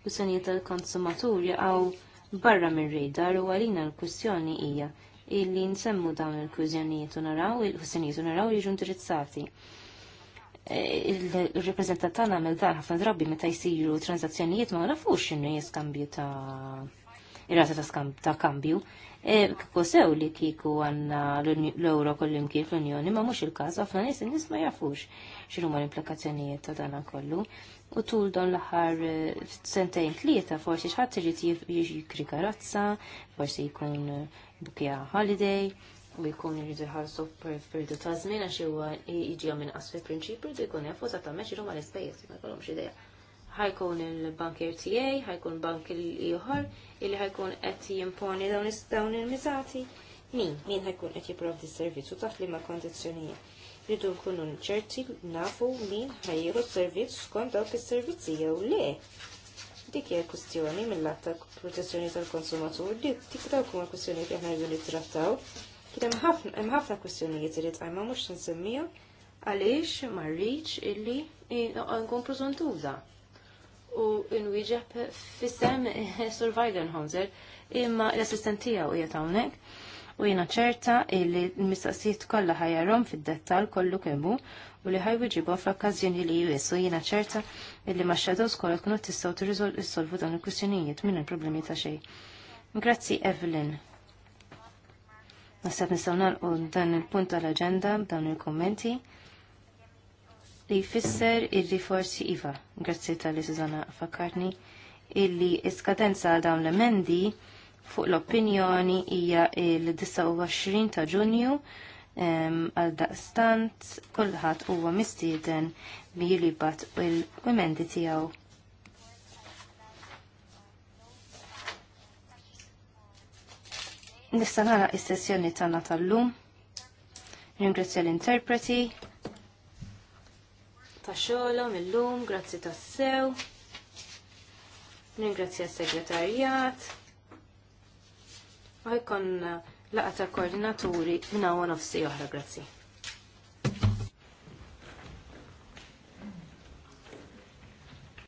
S3: kwistjonijiet tal-konsumatur jaqgħu barra minn radar u għalina l-kwistjoni hija illi nsemmu dawn il-kwistjonijiet u naraw il-kwistjonijiet u naraw jiġu indirizzati. E, il-reprezentant tagħna għamel dan ħafna drabi meta jsiru transazzjonijiet ma nafux x'inhu jiskambju ta' ir-rata ta' skambju. E, Kiko sew li kiku għanna l-euro kollimkien l unjoni ma mux il-kas, għafna nis nis ma jafux xinu ma l-implikazzjonijiet ta' dan kollu. U tul don l-ħar e, sentejn tlieta forsi xħat irrit jikri karazza, forsi jkun bukja holiday, u jkun irridu jħarsu perdu ta' żmien għax huwa jiġi minn qas fil-prinċipju li jkun jafu sa' tagħmel xinu ma l-ispejjeż, ma jkollhomx idea ħajkun il-bankier TA, ħajkun bank ieħor illi ħajkun qed jimponi dawn il mizati Min, min ħajkun qed jipprovdi s-servizzu taf li ma' kondizjonija. Ridu nkunu ċerti nafu min ħajjieħu servizz skont dawk is-servizzi jew le. Dik hija kwistjoni mill-att ta' protezzjoni tal-konsumatur, dik dik dawk huma kwistjonijiet li aħna rridu nittrattaw. Kien hemm ħafna kwistjonijiet irid qajma mhux nsemmihom għaliex ma rridx illi eh, nkun preżuntuża u nwieġeb fissem Survivor Weidenhauser imma l assistentija u hija hawnhekk u jiena ċerta li l-mistaqsijiet kollha ħajjarhom fid-dettall kollu kemmu u li ħajwiġibhom fl-okkażjoni li jwissu jiena ċerta li ma' shadows kollha tkunu tistgħu tissolvu dawn il-kwistjonijiet minn il-problemi ta' xejn. Grazzi Evelyn. Nasab nistgħu nagħlqu dan il-punt tal-aġenda dawn il-kummenti. il il kummenti li jfisser illi forsi iva, grazzi tal-li Susanna fakkarni, illi iskadenza għal dawn l-emendi fuq l-opinjoni hija il-29 ta' ġunju għal daqstant kullħat huwa mistieden bi jilibat il-emendi tiegħu. Nista' nara sessjoni tagħna tal-lum. Ringrazzja l-interpreti ta' illum, grazzi tas-sew. Ningrazzja s-segretarjat. Għajkon laqa ta' koordinaturi minna għon oħra, grazzi.